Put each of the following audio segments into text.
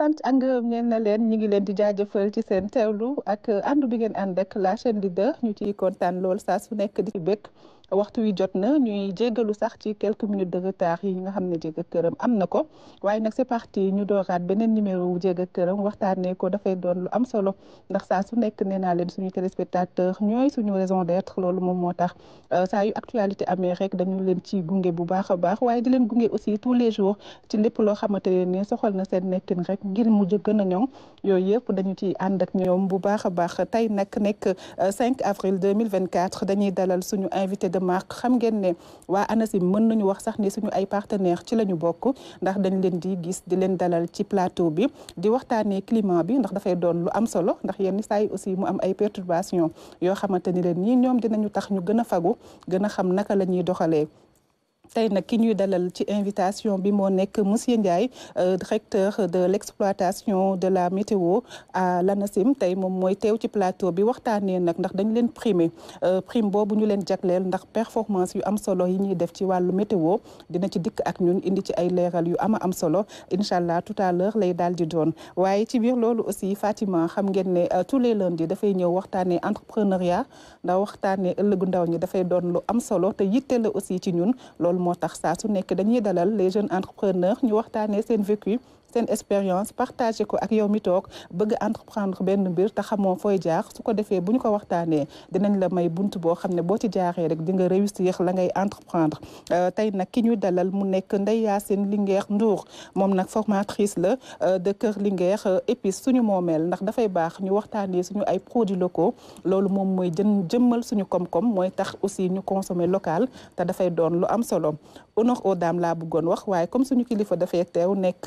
sant ak ngërëm na leen ñu ngi leen di jaajëfal ci seen teewlu ak àndu bi ngeen ànd ak la chaîne leader ñu ciy kontaan lool saa su nekk di ci bëgg waxtu wi jot na ñuy jéggalu sax ci quelques minutes de retard yi nga xam ne jéeg ak këram am na ko waaye nag c'est parti ñu dooraat beneen numéro wu jéeg ak këram waxtaanee ko dafay doon lu am solo ndax saa su nekk nee naa leen suñu téléspectateurs ñooy suñu raison d'être loolu moom moo tax euh, saa yu actualité amee rek dañu leen ci gunge bu baax a baax waaye di leen gunge aussi tous les jours ci lépp loo xamante ne soxal na seen nekkin rek ngir mujj gën a ñoŋ yooyu yëpp dañu ci ànd ak ñoom bu baax a baax tey nag nekk 5 euh, avril 2024 dañuy dalal suñu invité de marque xam ngeen ne waa ANACIM mën nañu wax sax ni suñu ay partenaire ci la ñu bokk ndax dañ leen di gis di leen dalal ci plateau bi di waxtaanee climat bi ndax dafay doon lu am solo ndax yenn saa yi aussi mu am ay perturbation yoo xamante ni leen nii ñoom dinañu tax ñu gën a fagu gën a xam naka la ñuy doxalee tay nak ki ñuy dalal ci invitation bi mo nek monsieur Ndiaye euh, directeur de l'exploitation de la météo à l'ANACIM tay mom moy tew ci plateau bi waxtane nak ndax dañu leen primé euh, prime boobu ñu leen jagleel ndax performance yu am solo yi ñuy def ci walu météo dina ci dik ak ñun indi ci ay leeral yu ama am solo inshallah tout à l'heure lay dal di doon waye ci bir lolu aussi Fatima xam ngeen né euh, tous les lundis da fay ñew waxtane entrepreneuriat ndax waxtane ëllëgu ndaw ñi fay doon lu am solo te yitte la aussi ci ñun loolu moo tax saa su nekk dañuy dalal les jeunes entrepreneurs ñu waxtaanee seen vécu seen expérience partagé ko ak yow mi tok bëgg entreprendre ben mbir te xamoo fooy jaar su ko defee bu ñu ko waxtaanee dinañ la may bunt boo xam ne boo ci jaaree rek di nga réussir la ngay entreprendre euh, tey nag ki ñu dalal mu nekk ndey Yacine Linguère Ndour moom nag formatrice la euh, de Kër Linguère euh, épice suñu moomeel ndax dafay baax ñu waxtaanee suñu ay produits locaux loolu moom mooy jën jëmmal suñu koom-koom mooy tax aussi ñu consommer local te dafay doon lu am solo honor aux dames laa bëggoon wax waaye comme suñu kilifa dafay teew nekk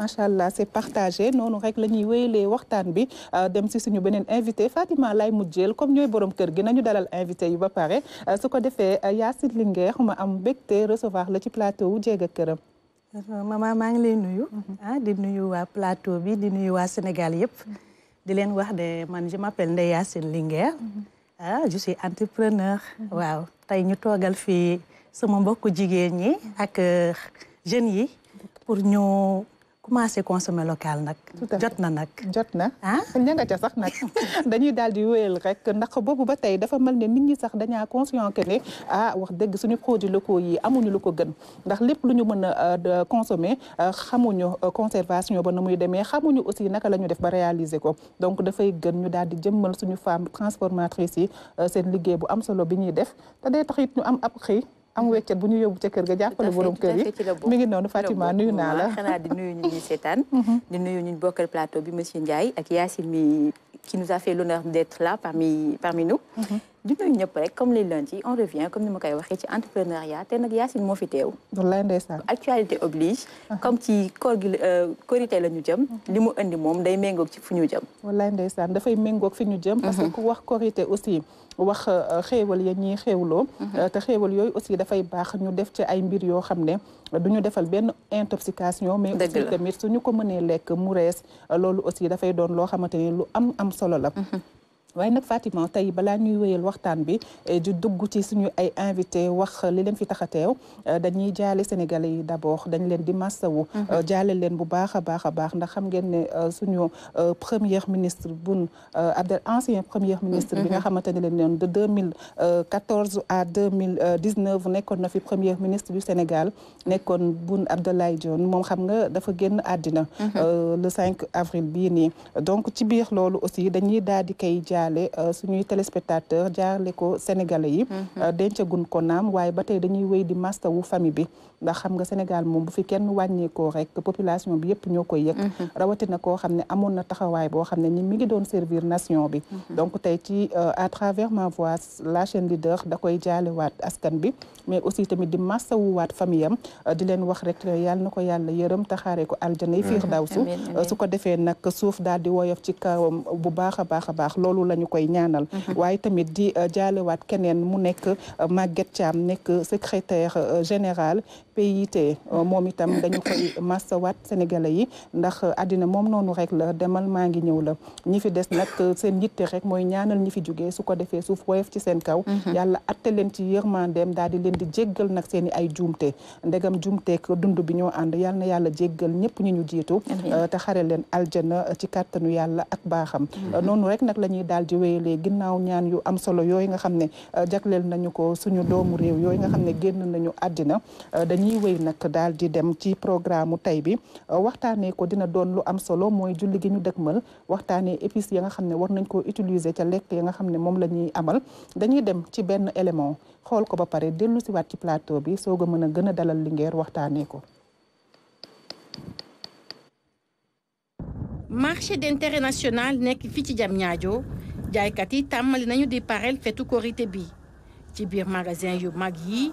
macha allah c'est partagé noonu rek la ñuy wéyalee waxtaan bi euh, dem si suñu beneen invité Fatima lay mujjeel comme ñooy borom kër gi nañu dalal invité yi ba pare euh, su ko defee euh, Yacine Linguère ma am mbégte recevoir la ci plateau wu Jéeg Këram. maman maa ngi lay nuyu. Mhm. ah di nuyu waa plateau bi di nuyu waa Sénégal yëpp. Mhm. di leen wax de man je m'appelle Ndeye Yacine mhm. ah je suis entrepreneur. waaw tey ñu toogal fii sama mbokku jigéen ñi ak jeunes yi pour ñu commencé consommer local n'ak? jot n'ak. nag jot na. ah ña nga ca sax nag dañuy daal di wéyal rek ndax boobu ba tey dafa mel ne nit ñi sax dañaa conscient que ne ah wax dëgg suñu produits locaux yi amuñu lu ko gën ndax lépp lu ñu euh, consommer euh, xamuñu euh, conservation ba na muy demee xamuñu aussi naka la def ba réaliser ko donc dafay gën ñu daal di jëmmal suñu femme transformatrice yi seen liggéey bu am solo bi def te day tax ñu am ab xëy am wéccat bu ñu yóbbu ci kër ga jàppale borom kër yi mi ngi nonu Fatima nuyu na la xanaa di nuyu ñu ñuy seetaan mhm. di nuyu ñu bokkal plateau bi monsieur Ndiaye ak yassine mi qui nous a fait l'honneur d'être là parmi parmi nous mhm. du nuyu ñëpp rek comme les lundi on revient comme ni ma koy waxee ci entrepreneuriat té nak yassine mo fi teew wallaay ndeysaan actualité oblige comme ci koor gi euh, korité la ñu jëm mhm. limu mu indi moom day mengok ci fu ñu jëm wallaay da fay mengok fi ñu jëm parce que ku wax korité aussi wax xéewal ya ñi xéewloo te xéewal yoy aussi da fay bax ñu def ci ay mbir yo xamné duñu defal ben intoxication mais aussi tamit suñu ko mëne lek mu res lolu aussi da fay doon lo xamanteni lu am am solo la waaye nag Fatima tey balaa ñuy wéyal waxtaan bi eh, di dugg ci suñu ay invité wax li leen fi tax eh, dañuy jaale Sénégalais yi d'abord dañ leen di massawu mm-hmm. eh, jaale leen bu baax a baax a baax ndax xam ngeen ne suñu premier ministre bun Abdel ancien premier ministre bi mm-hmm. nga xamante ne leen de 2014 à 2019 nekkoon na fi premier ministre du Sénégal nekkoon bun Abdoulaye Dionne moom xam nga dafa génn àddina mm-hmm. le 5 avril bii nii donc ci biir loolu aussi dañuy daal di kay jaale jaale euh, suñuy téléspectateur jaarle ko sénégalais yi mm-hmm. euh, dencagun ko naam waaye ba tey dañuy wéy di wu famille bi ndax xam nga Sénégal moom bu fi kenn wàññeekoo rek population bi yëpp ñoo koy yëg mhm. rawatina koo xam ne amoon na taxawaay boo xam ne ñi mi ngi doon servir nation bi mhm. donc tey ci euh, à travers ma voix la chaîne leader da koy jaalewaat askan bi mais aussi tamit di massawuwaat famille am euh, di leen wax rek euh, yàlla na ko yàlla yërëm taxaare ko aljana yi fiir daw su su ko defee nag suuf daal di woyof ci kawam bu baax a baax a baax loolu la ñu koy ñaanal mhm. waaye tamit di jaalewaat keneen mu nekk Maguette Thiam nekk secrétaire général PIT euh, moom itam dañu koy waat sénégala yi ndax addina euh, moom noonu rek la demal maa ngi ñëw la ñi fi des nag euh, seen yitte rek mooy ñaanal ñi fi jógee su ko defee suuf woyof ci seen kaw mhm. yàlla atte leen ci yërmandeem daal di leen di jéggal nag seeni ay juumte ndegam juumteek dund bi ñoo ànd yàlla na yàlla jéggal ñëpp ñu ñu jiitu te xare leen aljana ci kàttanu yàlla ak baaxam mhm. noonu rek nag la ñuy daal di wéyalee ginnaaw ñaan yu am solo yooyu nga xam ne jagleel nañu ko suñu doomu réew yooyu nga xam ne génn nañu àddina dañuy wéy nag daal di dem ci programme mu tey bi waxtaanee ko dina doon lu am solo mooy julli gi ñu dëgmal waxtaanee épice ya nga xam ne war nañ ko utiliser ca lekk ya nga xam ne moom la ñuy amal dañuy dem ci benn élément xool ko ba pare dellu si waat ci plateau bi soog a mën a gën a dalal Linguère waxtaanee ko. marché d'intérêt national nekk fii ci Diamniadio jaaykat yi tàmmali nañu di pareel fetu korité bi ci biir magasin yu mag yi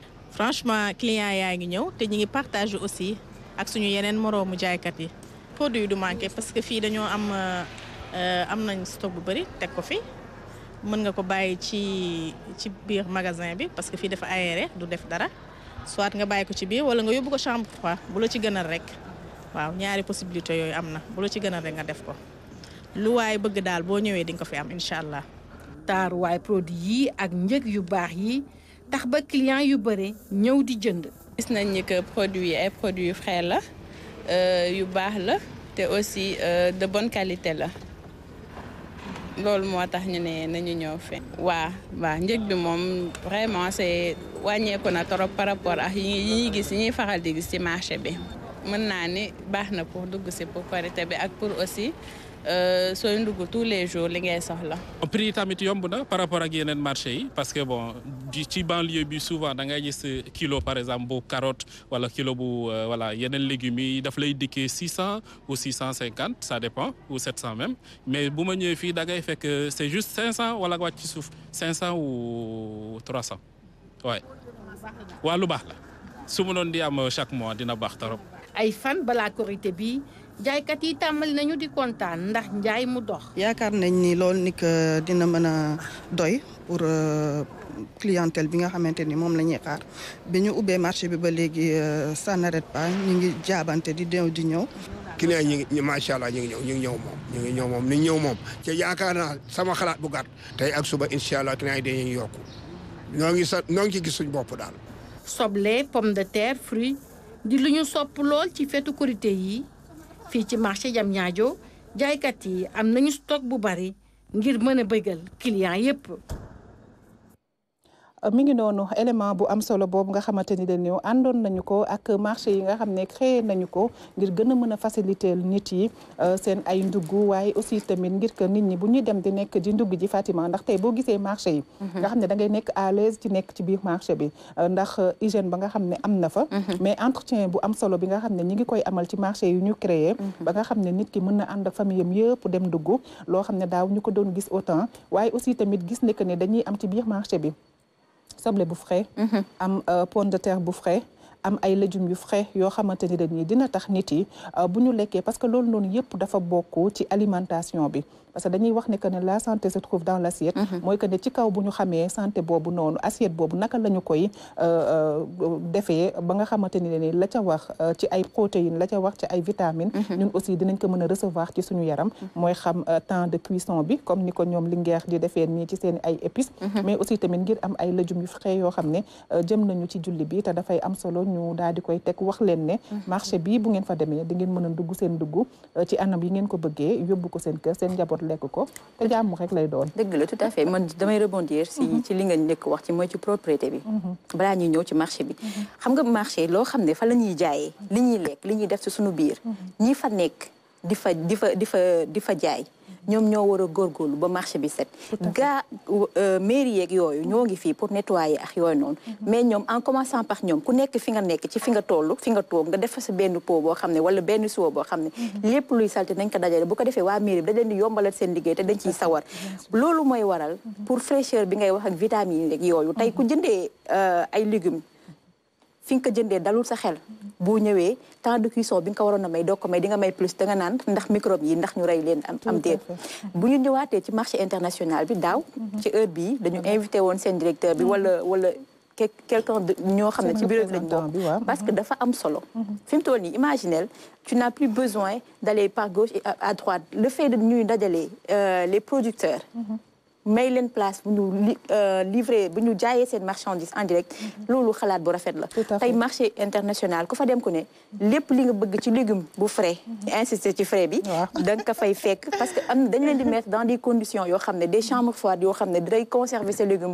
franchement client yaa ngi ñëw te ñu ngi partagé aussi ak suñu yeneen moroomu jaaykat yi produit du manqué parce que fii dañoo am euh, am nañ stock bu bëri teg ko fi mën nga ko bàyyi ci ci biir magasin bi parce que fii dafa aéré du def dara soit nga bàyyi ko ci biir wala nga yóbbu ko chambre froide bu la ci gënal rek waaw ñaari possibilité yooyu am na bu la ci gënal rek nga def ko lu waaye bëgg daal boo ñëwee di nga ko fi am incha allah. taaruwaay produit yi ak njëg yu baax yi. tax ba client yu bëri ñëw di jënd. gis nañ ni que produit yi ay produits frais la euh yu bax la té aussi euh de bonne qualité la lool moo tax ñu né nañu ñëw fi wa wa njëg bi mom vraiment c'est wañé ko na trop par rapport ak yi ñuy gis yi ñuy faral di gis ci marché bi mën naa ni baax na pour dugg si pour Korité bi ak pour aussi. Euh, soy ndugu tous les jours li ngay soxla prix tamit yomb par rapport ak marché parce que bon ci banlieue bi souvent da ngay euh, kilo par exemple bu carottes, wala kilo bu euh, voilà des légumes Il daf lay 600 ou 650 ça dépend ou 700 même mais bu ma ñëwee fii da ngay c'est juste 500 wala 500 ou 300 ouais C'est lu baax la su chaque mois dina baax trop ay fan bala korite bi jaaykat yi tàmbali nañu di kontaan ndax njaay mu dox. yaakaar nañ ni dinamana ni que dina mën a doy pour euh, clientèle bi nga xamante ni moom la ñuy xaar bi ñu ubbee marché bi ba léegi euh, ça n'arrête pas ñu ngi jaabante di dew di ñëw. client yi ñu macha allah ñu ngi ñëw ñu ngi ñëw moom ñu ngi ñëw moom ni ñëw moom te yaakaar naa sama xalaat bu gàtt tey ak suba incha allah client yi dañuy yokku ñoo ngi sa ñoo ngi ci gis suñu bopp daal. soble pomme de terre di lu ñu sopp lool ci fetu yi. fii ci marché Diamniadio jaaykat yi am nañu stock bu bari ngir mën a bëggal client yépp mi ngi noonu élément bu am solo boobu nga xamante ni dañu àndoon nañu ko ak marché yi nga xam ne créé nañu ko ngir gën a mën a faciliter nit yi euh, seen ay ndugg waaye aussi tamit ngir nit ñi bu ñuy dem di nekk di ndugg ji Fatima ndax tey boo gisee marché yi mhm. nga xam ne da à l'aise ci nekk ci biir marché bi euh, ndax euh, hygiène ba nga xam ne am na fa mhm. mais entretien bu am solo bi nga xam ne ñi ngi koy amal ci marché yu ñu créé mhm. ba nga xam ne nit ki mën na ànd ak famille yëpp dem dugg loo xam ne daaw ko doon gis autant waaye aussi tamit gis ne que ne dañuy am ci biir marché bi sables bu frais mhm. am euh, de terre bu frais am ay frais xamanteni dañ ni dina tax nit yi euh, parce que ce non dafa beaucoup ci alimentation bi parce que dañuy wax ne que ne la santé se trouve dans l' assiette mm-hmm. mooy que ne ci kaw bu ñu xamee santé boobu noonu assiette boobu naka la koy euh, euh, defee ba nga xamante ne ni la ca wax euh, ci ay protéines la ca wax ci ay vitamines mm-hmm. ñun aussi dinañ ko mën a recevoir ci suñu yaram mm-hmm. mooy xam temps de cuisson bi comme ni ko ñoom ngeex di defee nii ci seen ay épices mais aussi tamit ngir am ay légumes frais yoo xam ne jëm nañu ci julli bi te dafay am solo ñu daal di koy teg wax leen ne marché bi bu ngeen fa demee di ngeen mën a dugg seen dugg ci yi ngeen ko bëggee yóbbu ko seen kër njaboot njaboot lekk ko te jàmm rek lay doon dëgg la tout à fait man damay rebondir si mhm. ci li nga njëkk wax ci mooy ci propriété bi mhm. balaa ñuy ñëw ci marché bi mhm. xam nga marché loo xam ne fa la ñuy li ñuy lekk li ñuy def ci suñu biir ñi fa nekk di fa di fa di fa di fa jaay ñoom ñoo war a góorgóorlu ba marché bi set gaa euh, mairie yeeg yooyu ñoo ngi fii pour nettoyer ak yooyu noonu mhm. mais ñoom en commençant par ñoom ku nekk fi nga nekk ci fi nga toll fi nga toog nga def sa benn pot boo xam ne wala benn siwo boo xam ne mhm. lépp luy salte dañ ko dajale bu ko defee waa mairie bi da leen di yombalal seen liggéey te dañ ciy sawar loolu mooy waral mhm. pour fraîcheur bi ngay wax ak vitamine yeeg yooyu tey ku jëndee euh, ay légumes fi nga dalul sa xel boo ñëwee temps de cuisson bi nga warona may doo may di nga may plus da nga naan ndax microbe yi ndax ñu ray leen am am déet bu ñu ñëwaatee ci marché international bi daw mhm. ci heure bi dañu invité won sen directeur bi wala mhm. wala quelqu'un de ñoo xam ci bureau bi lañ bokk parce que mhm. dafa am solo fi mu toll imaginel tu n'as plus besoin d'aller par gauche et à droite le fait de ñuy dajalee euh, les producteurs mais une place pour nous euh, livrer, pour nous cette marchandise en direct ce mhm. nous bu rafet C'est un marché international ku fa dem frais insister frais bi parce que mettre dans des conditions des chambres froides des conserver ces légumes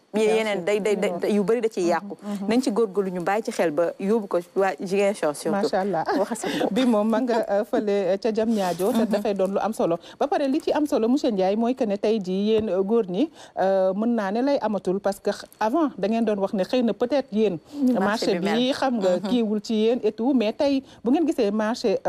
yeneen day day day yu bëri da ciy mm-hmm. yàqu mm-hmm. nañ ci lu ñu bàyyi ci xel ba yóbbu ko waa Ziguinchor surtout macha allah bi moom ma nga euh, fële euh, ca jam ñaajo mm-hmm. dafay doon lu am solo ba pare li ci am solo monsieur Ndiaye mooy que ne tey jii yéen euh, góor ñi mën naa ne lay amatul parce que avant da ngeen doon wax ne xëy na peut-être yéen marché bi xam nga kiiwul ci yéen et tout mais tey bu ngeen gisee marché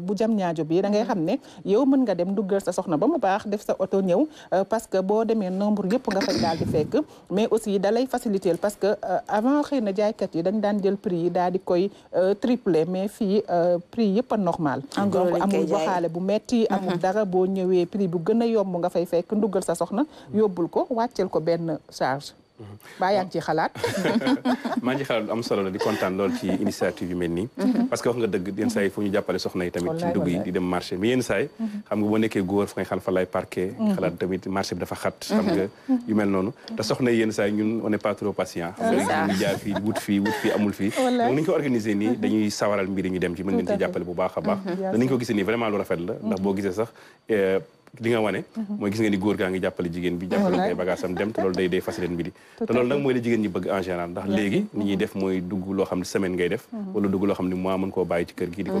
bu jam ñaajo bi da ngay xam ne yow mën nga dem duggal sa soxna ba mu baax def sa oto ñëw parce que boo demee nombre yëpp nga fay daal di fekk mais aussi dalay lay faciliter parce que euh, avant xëy na jaaykat yi dañ daan jël prix yi daal di koy euh, tripler mais fii euh, prix yëpp a normal donc amul waxaale bu metti amul uh-huh. dara boo ñëwee prix bu gën a yomb nga fay fekk ndugal sa soxna mm. yóbbul ko wàcceel ko benn charge baa yaa ngi ciy xalaat maa ngi xalaat am solo la di kontaan lool ci initiative yu mel nii mhm. parce que wax nga dëgg yenn saa yi fu ñu jàppale soxna yi tamit ci ndugg yi di dem marché mais yenn saa yi mhm. xam nga boo nekkee góor fa mhm. nga xal fa lay parqué xalaat dafa xat xam nga yu mel noonu te soxna yi yenn saa ñun on n'est pas trop patient xam nga ñu jaar fii wut fi wut fii amul fii donc ni ñu ko organiser nii dañuy sawaral mbir yi ñu dem ci mën ngeen ci jàppale bu baax a baax danañ ko gisee nii vraiment lu a la ndax boo gisee sax eh, li nga wane mhm. mooy gis nga ni góor gaa ngi jigéen bi jàppale ko ay bagage dem te loolu day day faciliter mbir lool te loolu nag mooy la jigéen ñi bëgg en général ndax léegi ni ñuy mhm. def mooy dugg loo xam ne semaine ngay def mhm. wala dugg loo xam ne mois mën koo bàyyi ci kër gi di ko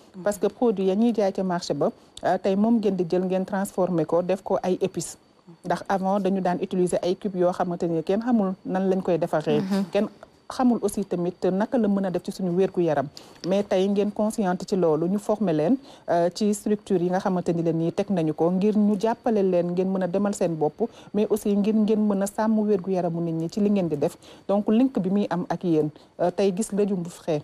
parce que produit ya ñuy jaay ca marché ba euh, tay mom ngeen di jël ngeen transformer ko def ko ay épices ndax avant dañu daan utiliser ay cube yo xamanteni ken xamul nan lañ koy defaree mhm. ken xamul aussi tamit naka la mëna def ci suñu wérgu yaram mais tay ngeen consciente ci lolu ñu former leen euh, ci structure yi nga xamante ni leen nii teg nañu ko ngir ñu jappalé leen ngeen mëna démal demal seen bopp mais aussi ngir ngeen mëna sam sàmm wérgu yaramu nit ñi ci li ngeen di def donc link bi mi am ak yeen euh, tay gis lëjum bu frais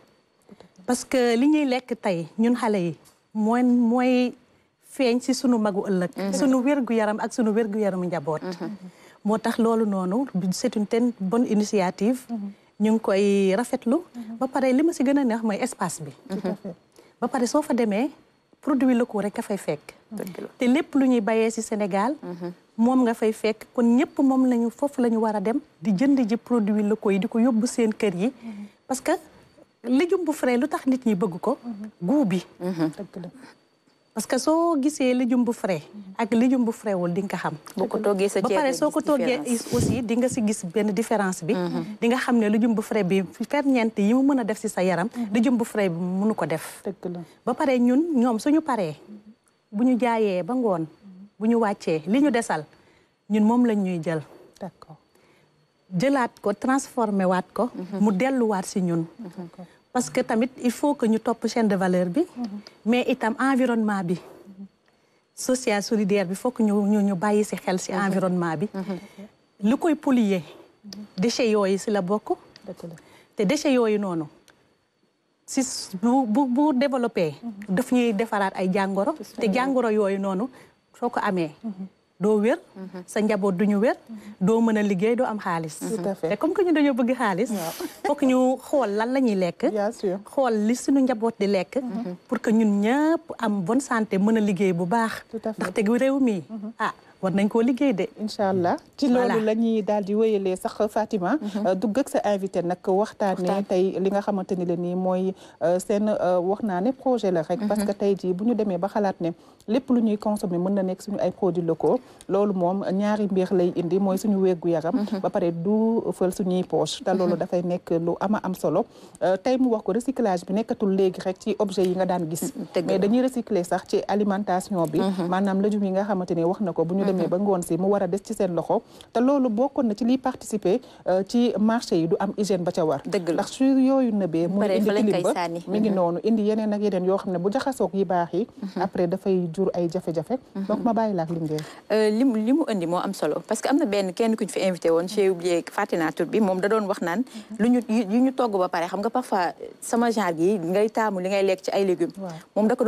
parce que li ñuy lekk tey ñun xale yi mooy mooy feeñ si sunu magu ëllëg mm-hmm. suñu wér-gu-yaram ak suñu wér-gu-yaramu njaboot mm-hmm. moo tax loolu noonu c'est une ten initiative mm-hmm. ñu ngi koy rafetlu ba pare li ma si gën a neex mooy espace bi ba pare soo fa demee produit locaux rek nga fay fekk te lépp lu ñuy bayee si Sénégal moom nga fay fekk kon ñëpp moom lañu foofu la ñu war a dem di jënd ji produit locaux yi di ko yóbbu seen kër yi légume bu frais lu tax nit ñi bëgg ko mhm. goût bi mhm. parce que soo gisee légume bu frais mhm. ak légume bu frais wul di nga xam ba pare soo ko toggee aussi di nga si gis benn différence bi dinga xam ne légume bu frais bi ferñeent yi mu mën a def si sa yaram légume bu frais bi mënu ko def ba pare ñun ñoom suñu paree bu ñu jaayee ba ngoon bu ñu wàccee li ñu desal ñun moom lañ ñuy jël d'accord jëlaat ko transformé waat ko mu delluwaat si ñun parce que tamit il faut que ñu topp chaîne de valeur bi mais itam environnement bi social solidaire bi fokk ñu ñu bàyyi si xel si environnement bi lu koy polluer déchets yooyu si la bokk te déchets yooyu noonu si bu bu bu développé daf ñuy defaraat ay jàngoro te jàngoro yooyu noonu soo ko amee doo wér mhm. sa njaboot du ñu wér mhm. doo mën a liggéey doo am xaalis te comme que ñu dañoo bëgg xaalis foog ñu xool lan la ñuy lekk xool li suñu njaboot di lekk mhm. pour que ñun ñëpp am bon santé mën a liggéey bu baax ndaxte réew mi ah, war nañ koo liggéey de incha allah ci loolu la ñuy daal di wéyalee sax Fatima mhm. euh, dugg sa invité nag waxtaanee tey li nga xamante ni la nii mooy euh, seen euh, wax naa ne projet la rek parce mhm. que tey jii bu ñu demee ba xalaat ne lépp lu ñuy consommer mën na nekk suñu ay produits locaux loolu moom ñaari mbir lay indi mooy suñu wérgu yaram mhm. ba pare du fël suñuy poche te loolu dafay nekk lu ama am solo tey mu wax ko recyclage bi nekkatul léegi rek ci objet yi nga daan gis mais dañuy recycler sax ci alimentation bi maanaam yi nga xamante ne wax na ko demee ba ngoon si mu war a des ci seen loxo te loolu bokkoon na ci liy participer euh, ci marché yi du am hygiène ba ca war ndax su yooyu nëbee mu indi tilim mi ngi mhm. noonu indi yeneen ak yeneen yoo xam ne bu jaxasoog yi baax yi mhm. après dafay jur ay jafe-jafe mhm. donc ma bàyyi laak euh, li mu li mu indi moo am solo parce que am na benn kenn kuñ fi invité woon j'ai oublié fàtte naa bi moom da doon wax naan lu ñu yu ñu togg ba pare xam nga parfois sama genre gi ngay taamu li ngay lekk ci ay légumes moom da ko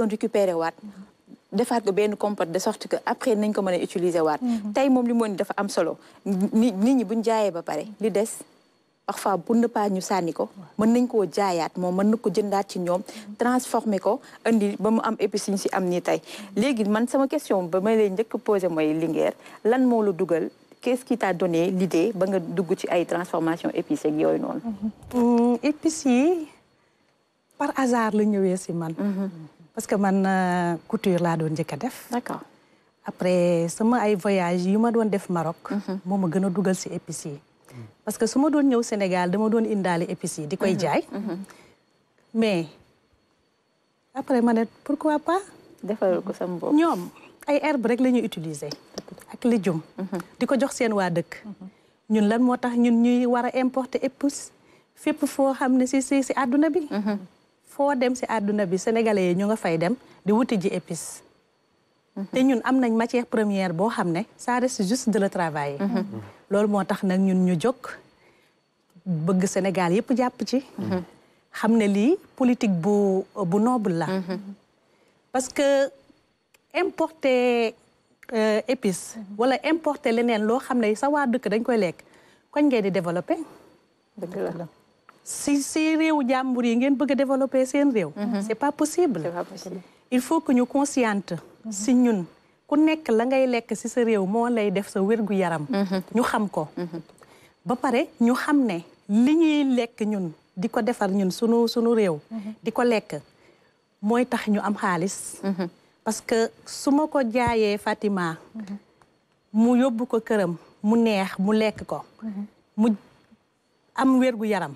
defaat ko benn compote de sorte que après nañ ko mën a utiliser waat. Mhm. tey moom li mu ne dafa am solo nit ñi buñ jaayee ba pare li des. parfois pour ne ñu sànni ko mën nañ koo jaayaat moom mën na ko jëndaat ci ñoom mhm. transformer ko indi ba mu am épices yi si am nii tey mhm. léegi man sama question ba may lay njëkk posé mooy Linguère lan moo la dugal qu'est-ce qui t'a donné l'idée ba nga dugg ci ay transformation épices yooyu noonu épices yi par hasard la ñëwee si man parce que man euh, couture laa doon njëkk a def. d'accord après sama ay voyage yu ma doon def Maroc. Mhm. moo ma gën a dugal si épices parce que su doon ñëw Sénégal dama doon indaale épices di koy mhm. jaay. Mhm. mais après ma pourquoi pas. defaral ko sama bopp ñoom ay herbes rek la ñuy utiliser. ak lijum. di ko jox seen waa dëkk. ñun lan moo tax ñun ñuy war a importer épices fépp foo xam ne si si si bi. foo dem si àdduna bi sénégalais yi ñu nga fay dem di wuti ji épice te ñun am nañ matière première boo xam ne ça reste juste de le travailler mhm. loolu moo tax nag ñun ñu jog bëgg Sénégal yëpp jàpp ci mhm. xam ne lii politique bu bu noble la mhm. parce que importer euh, épice wala importer leneen loo xam ne sa waa dëkk dañ koy lekk koñ ngeen di développer si si réew jàmbur yi ngeen bëgg a développer seen réew. Mhm. c'est pas possible. c'est pas possible. il faut que ñu consciente mhm. si ñun ku nekk la ngay lekk si sa réew moo lay def sa wérgu yaram. Mhm. ñu xam ko. ba pare ñu xam ne li ñuy lekk ñun di ko defar ñun sunu sunu réew. di ko lekk mooy tax ñu am xaalis. parce que su ma ko jaayee Fatima. mu yóbbu ko këram mu neex mu lekk ko. mu am wérgu yaram.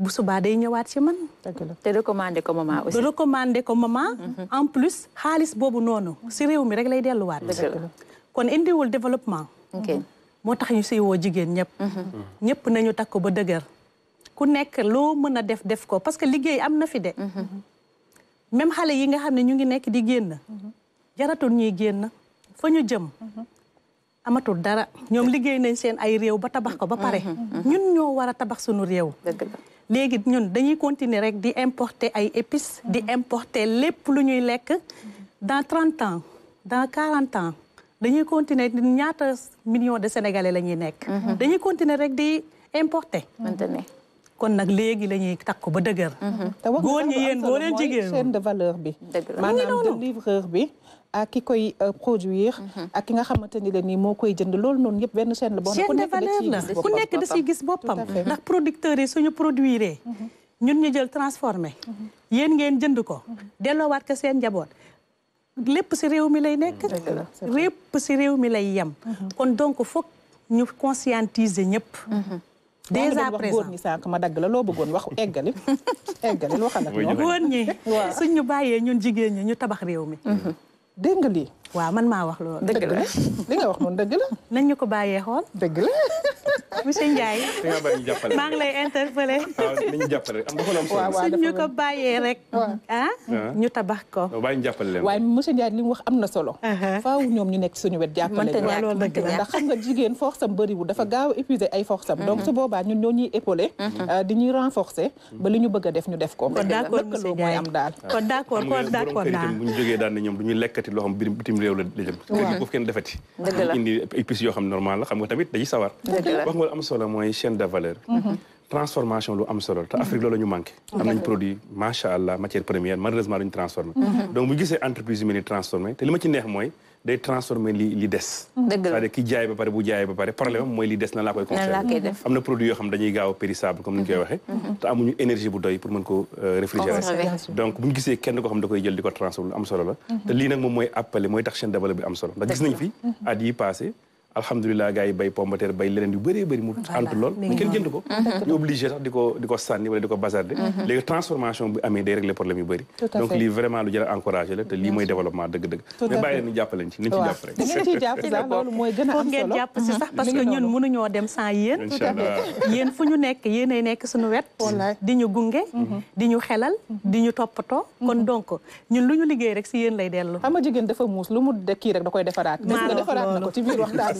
bu subaa day ñëwaat ci man. dëgg la te recommandé ko maman aussi. recommandé ko maman. Mhm. en plus xaalis boobu noonu. si réew mi rek lay delluwaat. kon indiwul développement. moo mhm. tax ñu siy woo jigéen ñëpp. ñëpp mhm. nañu takk ba dëgër. ku nekk loo mën def def ko parce que liggéey amna na fi de. même xale yi nga xam ne ñu ngi nekk di génn. jaratul ñuy génn fa ñu jëm. amatul dara ñoom liggéey nañ seen ay réew ba tabax ko ba pare. ñun ñoo war tabax sunu réew. Nous ñun dañuy continuer importer épices d'importer les di importer dans 30 ans dans 40 ans dañuy continuer ñaata millions de sénégalais lañuy nekk mm continuer importer maintenant kon nag léegi la takk ko ba dëgër. Mhm. Mhm. góor ñi yéen boo leen jigéen chaîne de valeur bi. maanaam bi. ak ki koy euh, produire. Mhm. ak ki nga xamante ni la nii moo koy jënd loolu noonu yëpp benn seen la. boo ko ne ku nekk da ciy gis boppam ndax producteurs yi suñu produire. ñun ñu jël transformé. yéen ngeen jënd ko. delloo delloowaat ko seen njaboot. lépp si réew mi lay nekk. lépp si réew mi lay yem. kon donc foog ñu conscientiser ñëpp. dèjà présent góor ñi sànq ma dagg la loo bëggoon wax eggali eggali waxal ak ñoom góor ñi suñ ñu bàyyee ñun jigéen ñi ñu tabax réew mi dégg nga lii waaw man maa wax loolu. dëgg la wax noonu dëgg la. nañ ñu ko bàyyee xool. dëgg la. monsieur Ndiaye. maa ngi lay interpellé. waaw ah, nañu jàppale am dafa am solo. suñ ko bàyyee rek. Ah? ah ñu tabax ko. waaye ñu jàppale leen waaye monsieur Ndiaye wax am na solo. Uh-huh. faaw ñoom ñu nekk suñu wet jàppale ñu. loolu dëgg la ndax xam nga jigéen force am bëriwul dafa gaaw a épuisé ay force am. donc uh-huh. su boobaa ñun ñoo ñuy épaulé. Uh-huh. Euh, di ñuy renforcer. ba li ñu bëgg a def ñu def ko. kon d'accord monsieur Ndiaye kon d'accord kon d'accord daal. réew la jëm bu fi kenn defati indi ay xam normal la xam nga tamit dañuy sawar wax nga mooy chaîne de valeur mhm. transformation lu am solo te loolu ñu manqué mhm. am nañ produit macha allah matière première malheureusement duñu transformé mhm. donc bu gisee entreprise yu mel te li ma neex mooy day transformer li li des cest ki jaay ba pare bu jaay ba pare problème am mooy li des na laa koy conserver am na produit yoo xam dañuy gaaw a périssable comme ni ñu koy mhm. waxee mhm. te amuñu énergie bu doy pour mën ko euh, réfrigérer donc bu ñu gisee kenn koo xam da koy jël di ko transformer am solo la mhm. te lii nag moom mooy appelé mooy tax chaîne développé bi am solo ndax gis nañ fi at yi passé alhamdulilah gars yi bay pombateer bay leneen yu bëree bëri mu antu lool mu kenn jënd ko ñu obligé sax di ko sànni wala di ko bazarder mhm. léegi transformation bu amee day régler problème yu bëri donc a encouragé la te lii mooy développement dëgg-dëgg mais bàyyi leen ñu jàppaleen jàpp si sax parce que ñun mënuñoo dem sans yéen fu ñu nekk yéenay nekk suñu wet di ñu gunge mhm. di ñu xelal mhm. di ñu toppatoo kon donc ñun lu ñu liggéey rek si yéen lay dellu xam nga jigéen dafa muus lu mu kii rek da koy defaraat na ko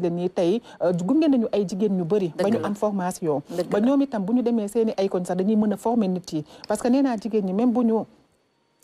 xamante ne nii tey euh, gunge nañu ay jigéen ñu bëri ba ñu am formation ba ñoom itam bu ñu demee seeni ay koñ sax dañuy mën a former nit yi parce que nee naa jigéen ñi même bu ñu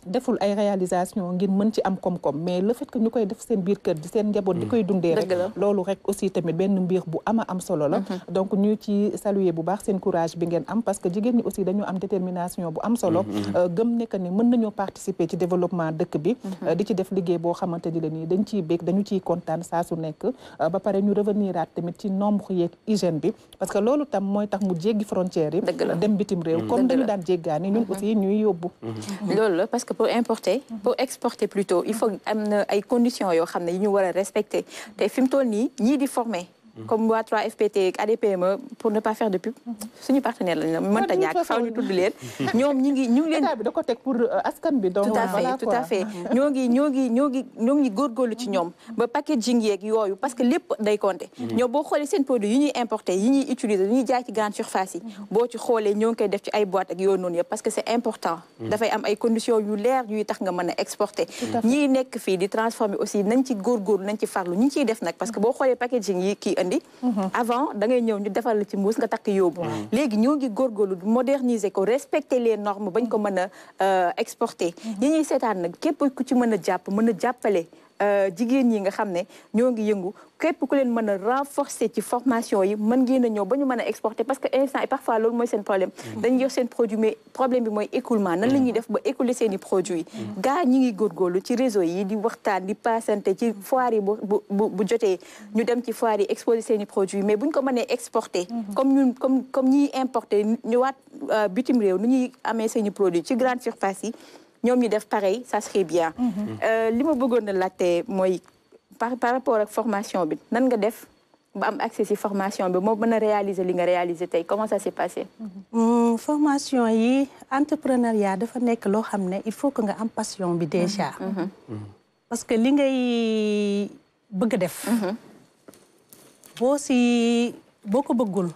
deful ay réalisation ngir mën ci am koom-koom mais le fait que ñukoy def seen biir kër di seen njaboot di mm. koy dundé rek lolu rek aussi tamit benn mbir bu ama am solo la mm-hmm. donc ñu ci saluer bu baax seen courage bi ngeen am parce que jigéen ñi aussi dañu am détermination bu am solo mm-hmm. euh, gëm ne que ni mën participer ci développement dëkk bi mm-hmm. euh, di ci def liggéey bo xamanteni ni la ni dañ ci béeg dañu ci kontaan saa su nekk euh, ba paré ñu reveniraat tamit ci nombre yeeg hygiène bi parce que lolu tam moy tax mu jéggi frontière yi dem bitim réew comme dañu daan jéggaani ñun aussi ñuy yobbu lolu la parce que pour importer mhm. pour exporter plutôt il faut que mhm. les conditions soient respectées. respecter films Mm-hmm. comme waa 3FPT ak ADPME pour ne pas faire de pub suñu partenaire lañ la mënta ñak faaw ñu tudd leen mm-hmm. ñom ñi ngi ñu ngi leen da ko tek pour euh, askan bi donc voilà à tout à fait mm-hmm. ñoo ngi ñoo ngi ñoo ngi ñoo ngi góorgóorlu ci ñom ba packaging yeeg yoyu parce que lepp day compter ñoom bo xolé seen produit yi ñuy importer yi ñuy utiliser yi ñuy jaay ci grande surface yi bo ci xolé ñoo ngi koy def ci ay boîte ak yoon non yëpp parce que c'est important da fay am ay conditions yu leer yu tax nga mën exporter ñi nekk fi di transformer aussi nañ ci góorgóorlu nañ ci farlu ñi ci def nak parce que bo xolé packaging yi ki andi mhm. avant da ngay ñëw ñu défal ci mbuus nga tak yóbbu mhm. légui ñoo ngi góorgóorlu moderniser ko respecter les normes bañ ko mëna a euh, exporter mhm. ñi ñuy seetaan képp ku ci mëna japp mëna jappalé euh, jigéen yi nga xam ne ñoo ngi yëngu képp ku leen mën a renforcer ci formation yi mën ngeen a ñëw ba ñu mën a exporter parce que instant et parfois loolu mooy seen problème mm-hmm. dañuy yor seen produit mais problème bi mooy écoulement nan la ñuy mm-hmm. def ba écouler seen i produits mm-hmm. gaa ñi ngi góorgóorlu ci réseau yi di waxtaan di passante ci foire yi bu bu bu jotee ñu dem ci foire yi exposer seen i produits mais buñ ko mënee exporter comme ñun comme comme ñiy importer ñëwaat euh, bitim réew nu ñuy amee seen i produits ci grande surface yi ñom ñu def pareil ça serait bien. Mhm. Mhm. Euh, li ma bëggone la té moy par rapport ak formation bi nan nga def ba am accès ci formation bi mo mëna a réaliser li nga réaliser tay comment ça s'est passé. Mhm. Mm, formation yi entrepreneuriat dafa nek lo xamné il faut que nga am passion bi déjà. parce que li ngay bëgg def. boo si boko bëggul.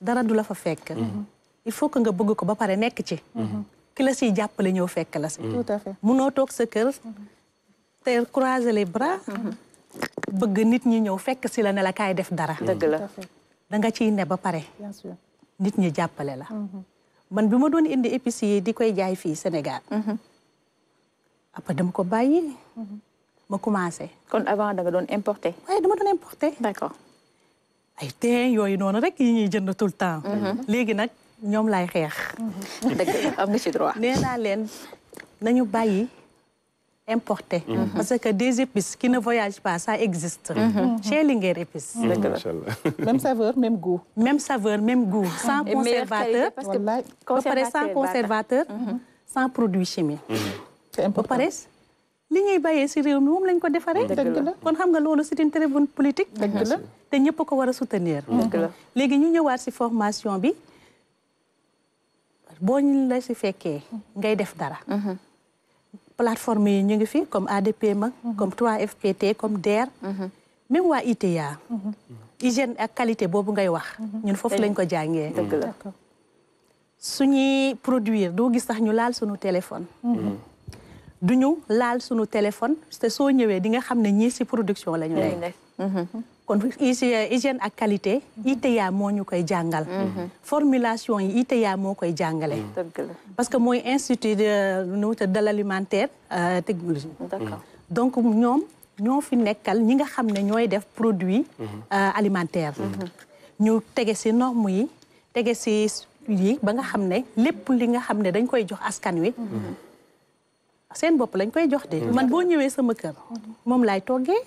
dara du la fa fekk. il faut que nga bëgg ko ba paré nek ci. ki la si jàppale ñëw fekk la si. tout à fait toog sa kër. te croiser les bras. bëgg nit ñi ñëw fekk si la ne la kaay def dara. dëgg la da nga ciy ne ba pare. nit ñi jàppale la. Mhm. man bi ma doon indi épices yi di koy jaay fii Sénégal. Mhm. après dama ko bàyyi. Mhm. ma commencé. kon avant danga doon importé. waaye dama doon importé. ay teen yooyu noonu rek yi ñuy jënd tout temps. léegi nag ñom lay xex mhm. dëgg am nga ci droit. néna len nañu bayyi importé. Mhm. parce que des épices qui ne voyagent pas ça existe. Mhm. chez Linguère épices. même saveur même goût. même saveur même goût. sans conservateur ba pare sans conservateur. sans produit chimique. c'est important ba pare li ñuy bayé ci réew mi moom lañ ko defaree. kon xam nga loolu c'est une très bonne politique. dëgg la te ñëpp ko war a soutenir. dëgg la léegi ñu ñëwaat si formation bi. boo ñu la si fekkee ngay def dara mhm. plateforme yi ñu ngi fi comme ADPMA mhm. comme 3FPT comme DER mhm. même waa ITA hygiène ak qualité boobu ngay wax ñun foofu lañ ko jàngee dëgg la produire doo gis sax ñu laal suñu téléphone du ñu laal suñu téléphone te soo ñëwee di nga xam ne ñii si production la ñu nekk kon hygiène ak qualité mhm. ITA moo ñu koy jàngal mhm. formulation yi ITA moo koy jàngale mhm. parce que mooy institut de de l'alimentaire euh, technologie donc ñoom ñoo fi nekkal ñi nga xam ne ñooy def produit euh, alimentaire ñu tege si norme yi tege si yi ba nga xam ne lépp li nga xam ne dañ koy jox askan wi seen bopp lañ koy jox de man boo ñëwee sama kër moom laay toggee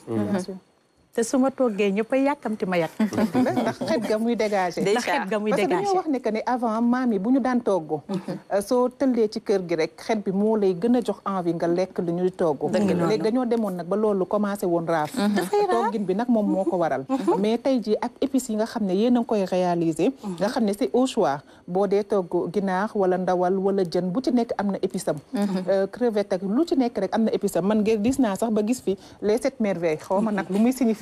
te su ma toggee ñëpp a yàkkamti ma yàkk ndax xet ga muy dégagé ndax xet ga muy dégagé parce que dañoo wax ne que ne avant maam yi bu ñu daan togg mm-hmm. soo tëllee ci kër gi rek xet bi moo lay gën a jox envie nga lekk lu ñuy togg léegi dañoo demoon nag ba loolu commencé woon raaf mm-hmm. toggin bi nag moom moo ko waral mm-hmm. mais tey jii ak épices yi nga xam ne yéen a ngi koy réaliser nga xam ne c'est au choix boo dee togg ginaar wala ndawal wala jën bu ci nekk am na épice am euh, crevette ak lu ci nekk rek am na épice am man ngeen gis naa sax ba gis fi les sept merveilles xaw ma nag lu muy signifié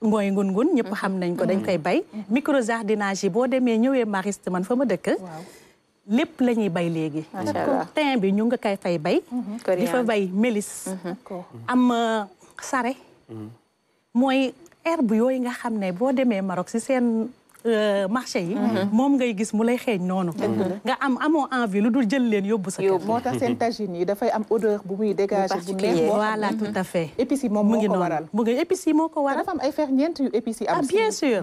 mooy ngun-ngun ñëpp mm-hmm. xam nañ ko dañ mm-hmm. koy bay mm-hmm. microjardinage yi boo demee ñëwee mariste man fa ma dëkk lépp la ñuy bay léegi tin bi ñu nga koy fay bay li fa bay mélis am euh, sare mooy herbe yooyu nga xam ne boo demee Maroc si seen Euh, marché yi mhm. moom ngay gis mu lay xeeñ noonu mhm. Mhm. nga am amoo envie lu dul jël leen yóbbu sa moo tax seen tagine yi dafay am odeur bu muy dégager bu neex voilà tout à fait épices moom moo ko waral mu ngi épices yi moo ko waral am ay ferñeent yu épices yi am ah, bien sûr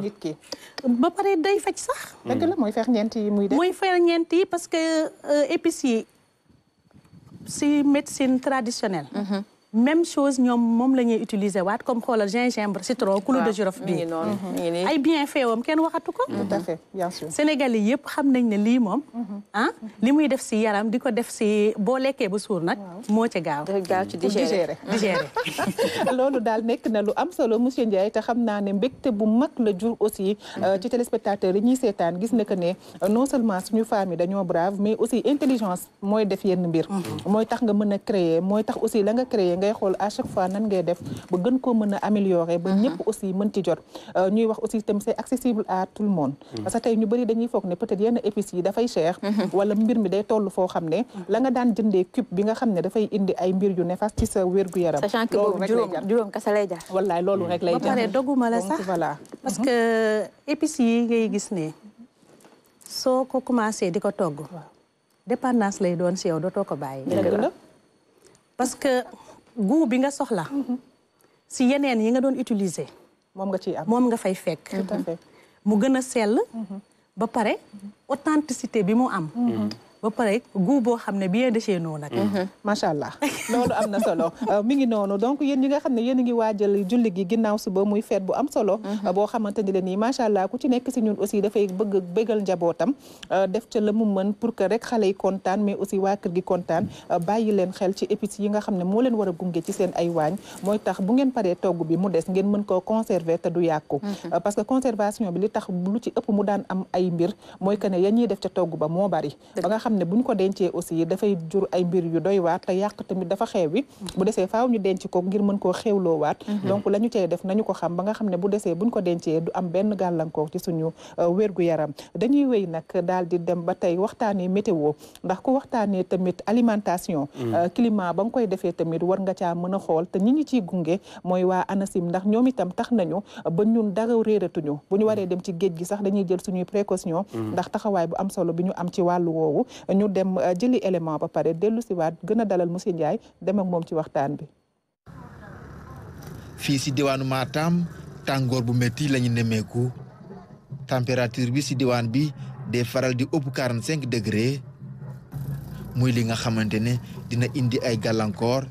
ba pare day faj sax dëgg la mooy ferñeent yi muy def mooy ferñeent yi parce que euh, épices yi si médecine traditionnelle même chose ñoom moom la ñuy utiliser waat comme xoolal gingembre citron clou de girofle bi ay bienfaits am kenn waxatu ko tout à fait bien yëpp xam nañ ne lii moom ah li muy def si yaram di ko def si boo lekkee ba suur nag moo ci gaaw gaaw ci digérer digérer loolu daal nekk na lu am solo monsieur Ndiaye te xam naa ne te bu mag la jur aussi euh, mhm. ci téléspectateurs yi ñuy seetaan gis na que ne euh, non seulement suñu femmes yi dañoo brave mais aussi intelligence mooy def yenn mbir mhm. mooy tax nga mën a créer tax aussi la nga créer ngay xool à chaque fois nan ngay def ba gën koo mën améliorer ba ñëpp aussi mën ci jot euh, ñuy wax aussi itam c'est accessible à tout le monde mmh. parce que tey ñu bëri dañuy foog ne peut-être yenn épices yi dafay cher mmh. wala mbir mi day toll foo xam mmh. la nga daan jëndee cube bi nga indi ay mbir yu néfaste ci sa gu yaram sachant que lay rek lay jar doguma la sax voilà parce que euh, épices ngay gis ne soo ko commencé di togg dépendance lay doon yow ko parce que goût bi nga soxla mhm. si yeneen yi nga doon utiliser moom nga ciy am moom nga fay fekk mu gën a sell mhm. ba pare mhm. authenticité bi mu am ba pare goût boo xam ne bien de chez nous nag mhm. macha allah loolu am solo uh, mi ngi noonu donc yéen ñi nga xam ne yéen a ngi waajal julli gi ginnaaw suba muy feet bu am solo mhm. uh, boo xamante ni leen yi macha allah ku ci nekk si ñun aussi dafay bëgg bégal njabootam uh, def ca la mu mën pour que rek xale yi kontaan mais aussi waa kër gi kontaan bàyyi leen xel ci épices yi nga xam ne moo leen war a gunge ci seen ay waañ mooy tax bu ngeen paree togg bi mu des ngeen mën koo conserver te du yàqu mhm. parce que conservation bi li tax lu ci ëpp mu daan am ay mbir mooy que ne ya def ca togg ba moo bari ba nga xam ne bu ñu ko dencee aussi dafay jur ay mbir yu doy waat te yàq tamit dafa xeewi bu desee faaw ñu denc ko ngir mën koo xewloo waat mhm. donc lañu ñu def nañu ko xam ba nga xam ne bu desee buñ ko dencee du am benn gàllankoor ci suñu euh, wérgu yaram dañuy wéy nag daal di dem ba tey waxtaanee météo ndax ku waxtaanee tamit alimentation mhm. euh, climat ba nga koy defee tamit war nga caa mën a xool te ñi ñi ciy gunge mooy waa ANACIM ndax ñoom itam tax nañu ba ñun dara réeratuñu bu ñu waree dem ci géej gi sax dañuy jël suñuy précaution mhm. ndax taxawaay bu am solo bi ñu am ci wàllu woowu ñu dem euh, jëli élément ba pare dellu si waat gën a dalal monsieur Ndiaye dem ak moom ci waxtaan bi. fii si diwaanu maatam tàngoor bu metti lañu ñu nemmeeku température bi ci diwaan bi day faral di ëpp 45 degré muy li nga xamante ne dina indi ay gàllankoor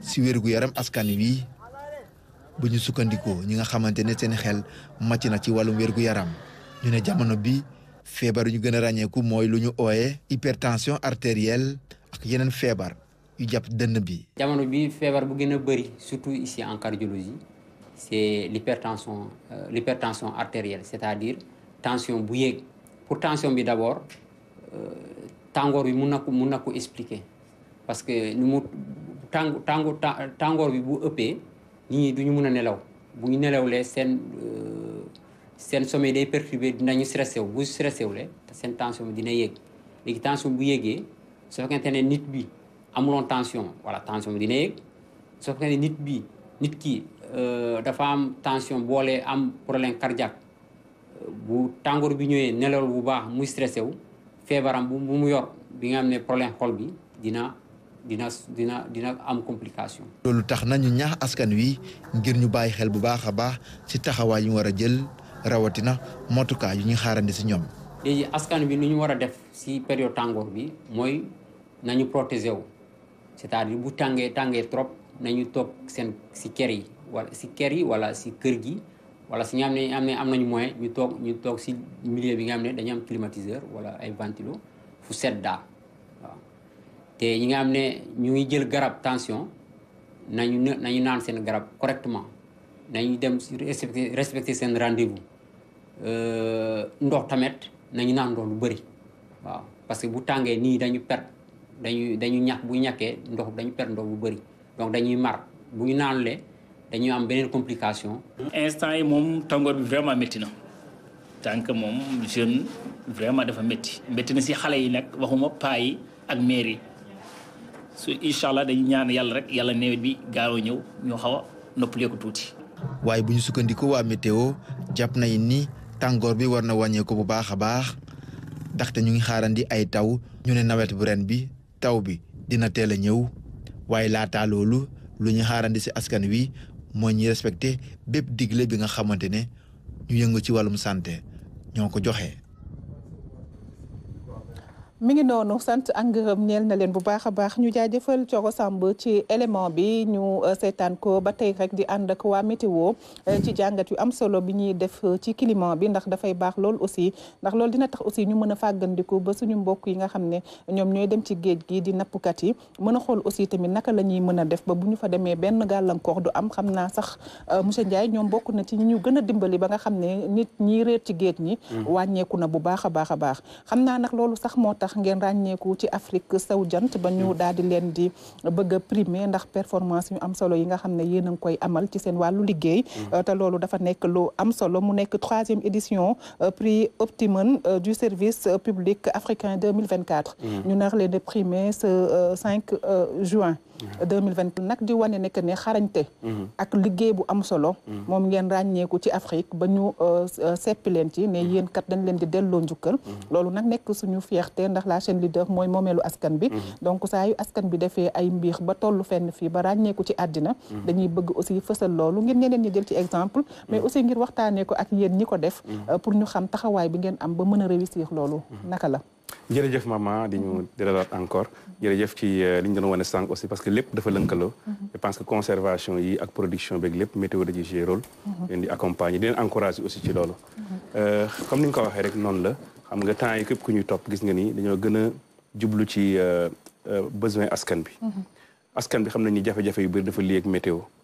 si wérgu yaram askan wi bu ñu sukkandikoo ñi nga xamante ne seen xel màcc na ci wàllum wérgu yaram ñu ne jamono bi feebar yu ñu gën a ràññeeku mooy lu ñu hypertension artérielle ak yeneen feebar yu japp dënn bi. jamono bi feebar bu gëna bëri surtout ici en cardiologie c'est l'hypertension euh, l'hypertension artérielle c'est-à-dire tension bu yéeg pour tension bi d'abord euh, tàngoor bi mun na ko mun ko expliquer parce que ni mu tàng tàngo tangor bi bu ëppee ni duñu du nelaw bu ñu nelaw lé sen euh, sen sommeil day perturbé dinañu stressé wu stressé wu tension dina tension bu nit bi tension voilà tension dina nit bi nit ki euh, dafa tension am problème cardiaque bu tangor bi nelaw bu baax muy stressé wu bu mu problème xol bi dina dina dina dina complication. tax nañu ñaax askan wi ngir rawatina motuka yu ñu xaarandi si ñoom. léegi askan bi nu ñu def si période tàngoor bi moy, nañu protéger wu c'est-à-dire bu tàngee tàngee trop nañu tok seen si kër yi wala si kër yi wala si kër gi wala si nga xam ne am ne am nañu moyen ñu ñu si milieu bi nga xam ne dañu am climatiseur wala ay ventilo fu sedd daal te ñi nga xam ne ñu ngi jël garab tension nañu nañu naan seen garab correctement nañu dem respecter respecter sen rendez-vous Euh, ndox tamit nañu naan ndox lu bëri waaw parce que bu tàngee nii dañu perte dañu dañu ñàkk bu ñàkkee ndox dañu perte bu bëri donc dañuy mar bu ñu naan le dañuy am beneen complication. instant yi moom tàngoor bi vraiment métti na tànk moom jeune vraiment dafa métti. métti na si xale yi nag waxuma paa yi ak mairie yi su incha allah dañu ñaan yàlla rek yàlla nawet bi gaaw a ñëw ñoo xaw a noppaleeku tuuti. waaye bu ñu waa météo jàpp nañ ni. tàngoor bi war na wàññeeku bu baax a baax ndaxte ñu ngi xaarandi ay taw ñu ne nawet bu ren bi taw bi dina teel a ñëw waaye laataa loolu lu ñu xaarandi si askan wi mooy ñi respecté bépp digle bi nga xamante ne ñu yëngu ci wàllum santé ñoo ko joxe. mi ngi noonu sant engrais ñeel na leen bu baax a baax ñu jaajëfal Coro sàmb ci élément bi ñu euh, seetaan ko ba tey rek di ànd ak waa météo euh, ci jàngat yu am solo bi ñuy def euh, ci climat bi ndax dafay baax lool aussi ndax loolu dina tax aussi ñu mën a fàggandiku ba suñu mbokk yi nga xam ne ñoom ñooy dem ci géej gi di nappkat yi mën a xool aussi tamit naka la ñuy mën a def ba bu ñu fa demee benn gàllankoor du am xam naa sax monsieur Ndiaye ñoom bokk na ci ñi ñu gën a dimbali ba xam ne nit ñi réer ci géej ñi mm. wàññeeku na bu baax a baax a baax moo tax tax ngeen ràññeeku ci Afrique saw ba ñu mm. daal di leen di bëgg a primer ndax performance ñu am solo yi nga xamné ne yéen a ngi koy amal ci seen walu liggéey mm. euh, te loolu dafa nekk lo am solo mu nekk 3e édition euh, prix Optimum euh, du service public africain 2024 mm. ñu nar leen di primer ce 5 juin 2024 nag di wane ne que ne xarañte mhm. ak liggéey bu am solo mhm. moom ngeen ràññeeku ci Afrique ba ñu euh, euh, seppi leen ci ne mhm. yéen kat dañ leen di delloo njukkal loolu nag nekk suñu feex fierté ndax la chaîne leader mooy moomeelu askan bi donc saa askan bi defee ay mbiix ba tollu fenn fii ba ràññeeku ci àddina dañuy bëgg aussi fësal loolu ngir ñeneen ñi del ci exemple mais aussi ngir waxtaanee ko ak yéen ñi ko def euh, pour ñu xam taxawaay bi ngeen am ba mën a réussir loolu naka la jërëjëf maman di ñu mhm. dalalaat encore jërëjëf ci euh, li ñu doon wane sànq aussi parce que lépp dafa lënkaloo mhm. je pense que conservation yi ak production beeg lépp météo da ci jouer rôle mhm. leen di accompagner di leen aussi ci loolu euh, comme ni nga ko waxee rek noonu la xam nga temps yi képp ku ñuy topp gis nga ni dañoo gën a jublu ci euh, besoin askan bi askan bi xam nañ ñu jafe-jafe yu bëri dafa lié météo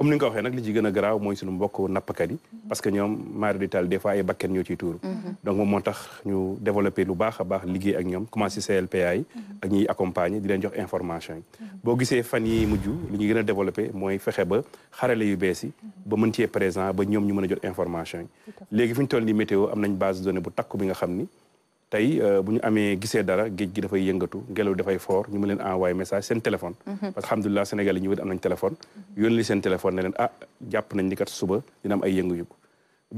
comme ni nga ko waxee nag li ci gën a garaaw mooy suñu mbokk nappkat yi parce que ñoom maari di taal des fois ay bakken ñoo ciy tuuru mhm. donc moom moo tax ñu développé lu baax a baax liggéey ak ñoom commencé CLPA yi ak ñuy accompagner di leen jox information mhm. boo gisee fan yi mujj lu ñu gën a mooy fexe ba xarale yu bees yi mhm. ba mën cee présent ba ñoom ñu mën a jot information yi léegi fu ñu toll nii météo am nañ base de bu takk bi nga xam ni tey euh, bu ñu amee gisee dara géej gi dafay yëngatu ngelaw dafay fort ñu mu leen envoyé message seen téléphone mhm. parce que alhamdulilah Sénégal yi ñu wër am nañ téléphone yónni li seen téléphone ne leen ah jàpp nañ ni kat suba dina am ay yëngu-yëngu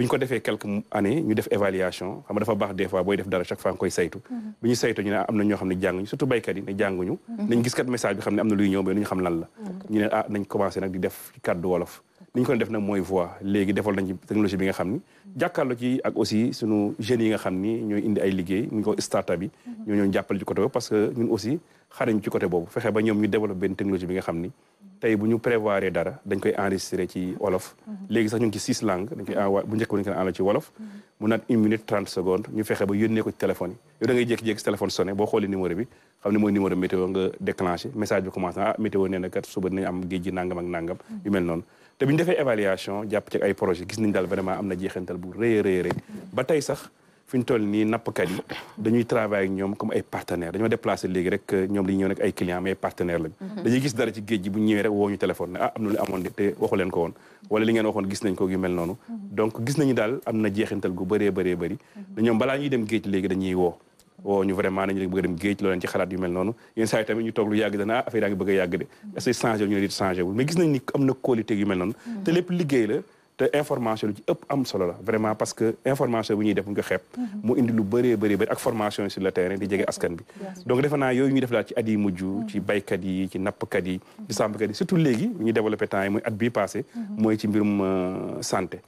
ñu ko defee quelques années ñu def évaluation xam nga baax des booy def dara chaque fois koy saytu mhm. bi ñu ñu ne ah, am na ñoo xam ne jànguñu surtout baykat yi ne jànguñu mhm. nañ gis kat message bi xam ne am na luy li ñu def na mooy voix léegi defal nañ ci technologie bi nga xam ni jàkkaarloo ci ak aussi sunu jeunes yi nga xam ni ñooy indi ay liggéey ñu ko startup yi mhm. ñoo ñoon jàppale ci côté boobu parce que ñun aussi xarañ ci côté boobu fexe ba ñoom ñu développé benn technologie bi nga xam ni tey bu ñu prévoir dara dañ koy enregistré ci wolof mhm. léegi sax ñu ngi ci six langues bu njëkk ba dañ koy envoyé ci wolof mhm. mu naat une minute trente secondes ñu fexe ba yónnee ko ci téléphone yi yow da ngay jékki téléphone sonné boo xoolee numéro bi xam ne mooy nga déclenché message bi commencé ah météo nee na am géej gi nangam ak nangam yu mel te bu ñu defee évaluation jàpp ci ay projet gis nañ daal vraiment am na jeexantal bu rëy a ba tey sax fi ñu toll nii yi dañuy travailler ak ñoom comme ay partenaires dañoo déplacé léegi rek ñoom dañuy ñëw nag ay clients mais ay partenaires lañ mhm. dañuy gis dara ah, am na lu amoon te waxu ko woon wala li ngeen waxoon gis nañ ko yu mel noonu mhm. donc gis nañu daal am na jeexantal gu bëree bëree bëri mhm. ñoom balaa ñuy dem géej léegi dañuy woo woo ñu vraiment nañu bëgg a dem géej loolu leen ci mel noonu yenn tamit ñu toog lu yàgg dana affaire yaa ngi bëgg a yàgg de est-ce que ñu ne dit changé wul mais gis ni am na mel noonu mm-hmm. te lépp liggéey la te information lu ci ëpp am solo la vraiment parce que information bi ñu mhm. def mujj mhm. ci baykat yi ci nappkat yi mhm. ci sàmmkat yi surtout léegi ñu développé temps mooy at bii passé mooy ci mbirum euh, santé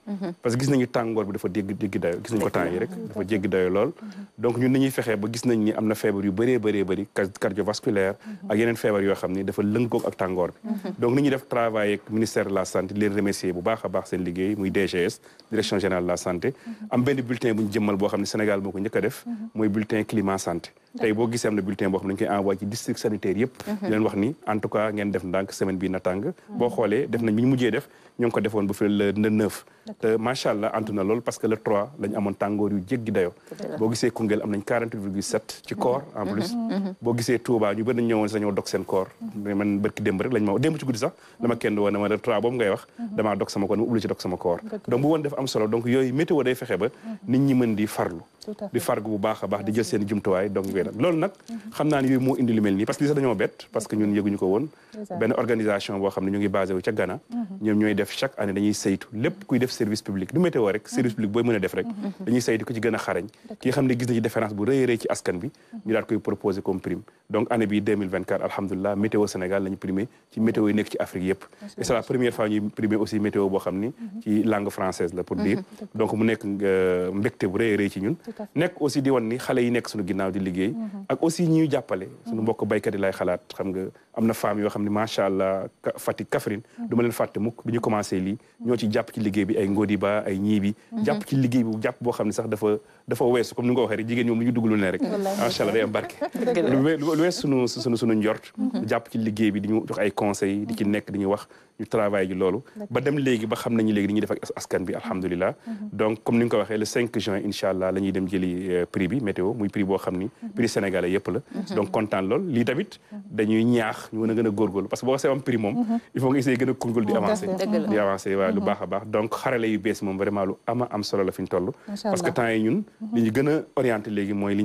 parce que gis nañu tàngoor bi dafa dégg gis nañ ko temps yi dafa jéggi dayo ak yeneen bi donc ni ñuy def travail ministère la santé leen remercier bu baax a baax seen liggéey liggéey muy direction générale de santé am benn bulletin bu jëmmal boo xam ne Sénégal moo ko a def mooy bulletin climat santé tey boo gisee am na bulletin boo xam ne dañ koy envoyé ci district sanitaire yëpp di leen en tout cas ngeen def ndànk semaine bii na tàng boo xoolee def nañ bi def ñoo defoon ba fi le neuf te macha allah antu na lool parce que le 3 la ñu amoon tàngoor yu jéggi dayoo. boo gisee Koungheul am nañ 48 virgule 7 ci mhm. koor en plus. Mhm. Mhm. boo gisee Touba ñu bëri nañ ñëwoon si dañoo dog seen koor. barki démb rek lañ ma démb ci guddi sax dama kenn woo ne ma le 3 boobu ngay wax. damaa dog sama koor dama obligé dog koor. donc bu woon def am solo donc yooyu météo day fexe ba ni ñi mën di farlu. di fargu bu baax a baax di jël seen jumtuwaay donc koy def loolu nag mhm. xam naa ne yooyu moo indi lu mel nii parce que li sax dañoo bett parce que ñun mhm. yëguñu ko woon benn organisation boo xam ne ñu ngi basé wu ca Ghana mhm. ñoom ñooy def chaque année dañuy saytu lépp kuy def service public du météo rek service public booy mën a def rek dañuy saytu ko ci gën a xarañ ki nga xam ne gis na ci différence bu rëy rëy ci askan bi ñu daal koy proposer comme prime donc année bi 2024 alhamdulilah météo Sénégal lañu primé ci météo yi nekk ci Afrique yépp et c'est la première fois ñuy primé aussi météo boo xam ni ci langue française la pour dire donc mu nekk euh, mbégte bu rëy rëy ci ñun nekk aussi di wan ni xale yi nekk suñu ginnaaw di liggéey mm-hmm. ak aussi ñuy jàppale suñu mm-hmm. mbokk baykat yi lay xalaat amna na yo xamni machallah ne kafrin allah len Kaffrine mhm. du ma leen fàtte mukk bi commencé ñoo ci jàpp ci liggéey bi ay ngóodi ba ay ñii bi mhm. jàpp ci liggéey bi japp bo xamni sax dafa dafa wess comme ni nga ko waxee rek jigéen ñoom ñu dugg lu ne rek macha allah day am barke lu wees sunu sunu sunu ñort mhm. japp ci liggéey bi diñu jox ay conseils di ci nekk diñu wax ñu travail ji lolu ba dem légui ba xamnañu légui léegi di def ak askan bi alhamdulilah donc comme ni nga le 5 juin inshallah lañuy la dem jëli euh, prix bi météo muy prix bo xamni ni prix sénégalais yépp la donc content lool li tamit dañuy ñaax tax ñu mën a gën a góorgóorlu parce que boo xasee am prix moom mhm. il faut nga essayer gën a di avancer di avancer waaw lu mhm. baax a baax donc xarale yu bees moom vraiment lu ama am solo la fi ñu toll parce que temps yi ñun mhm. li ñu gën a orienté léegi mooy li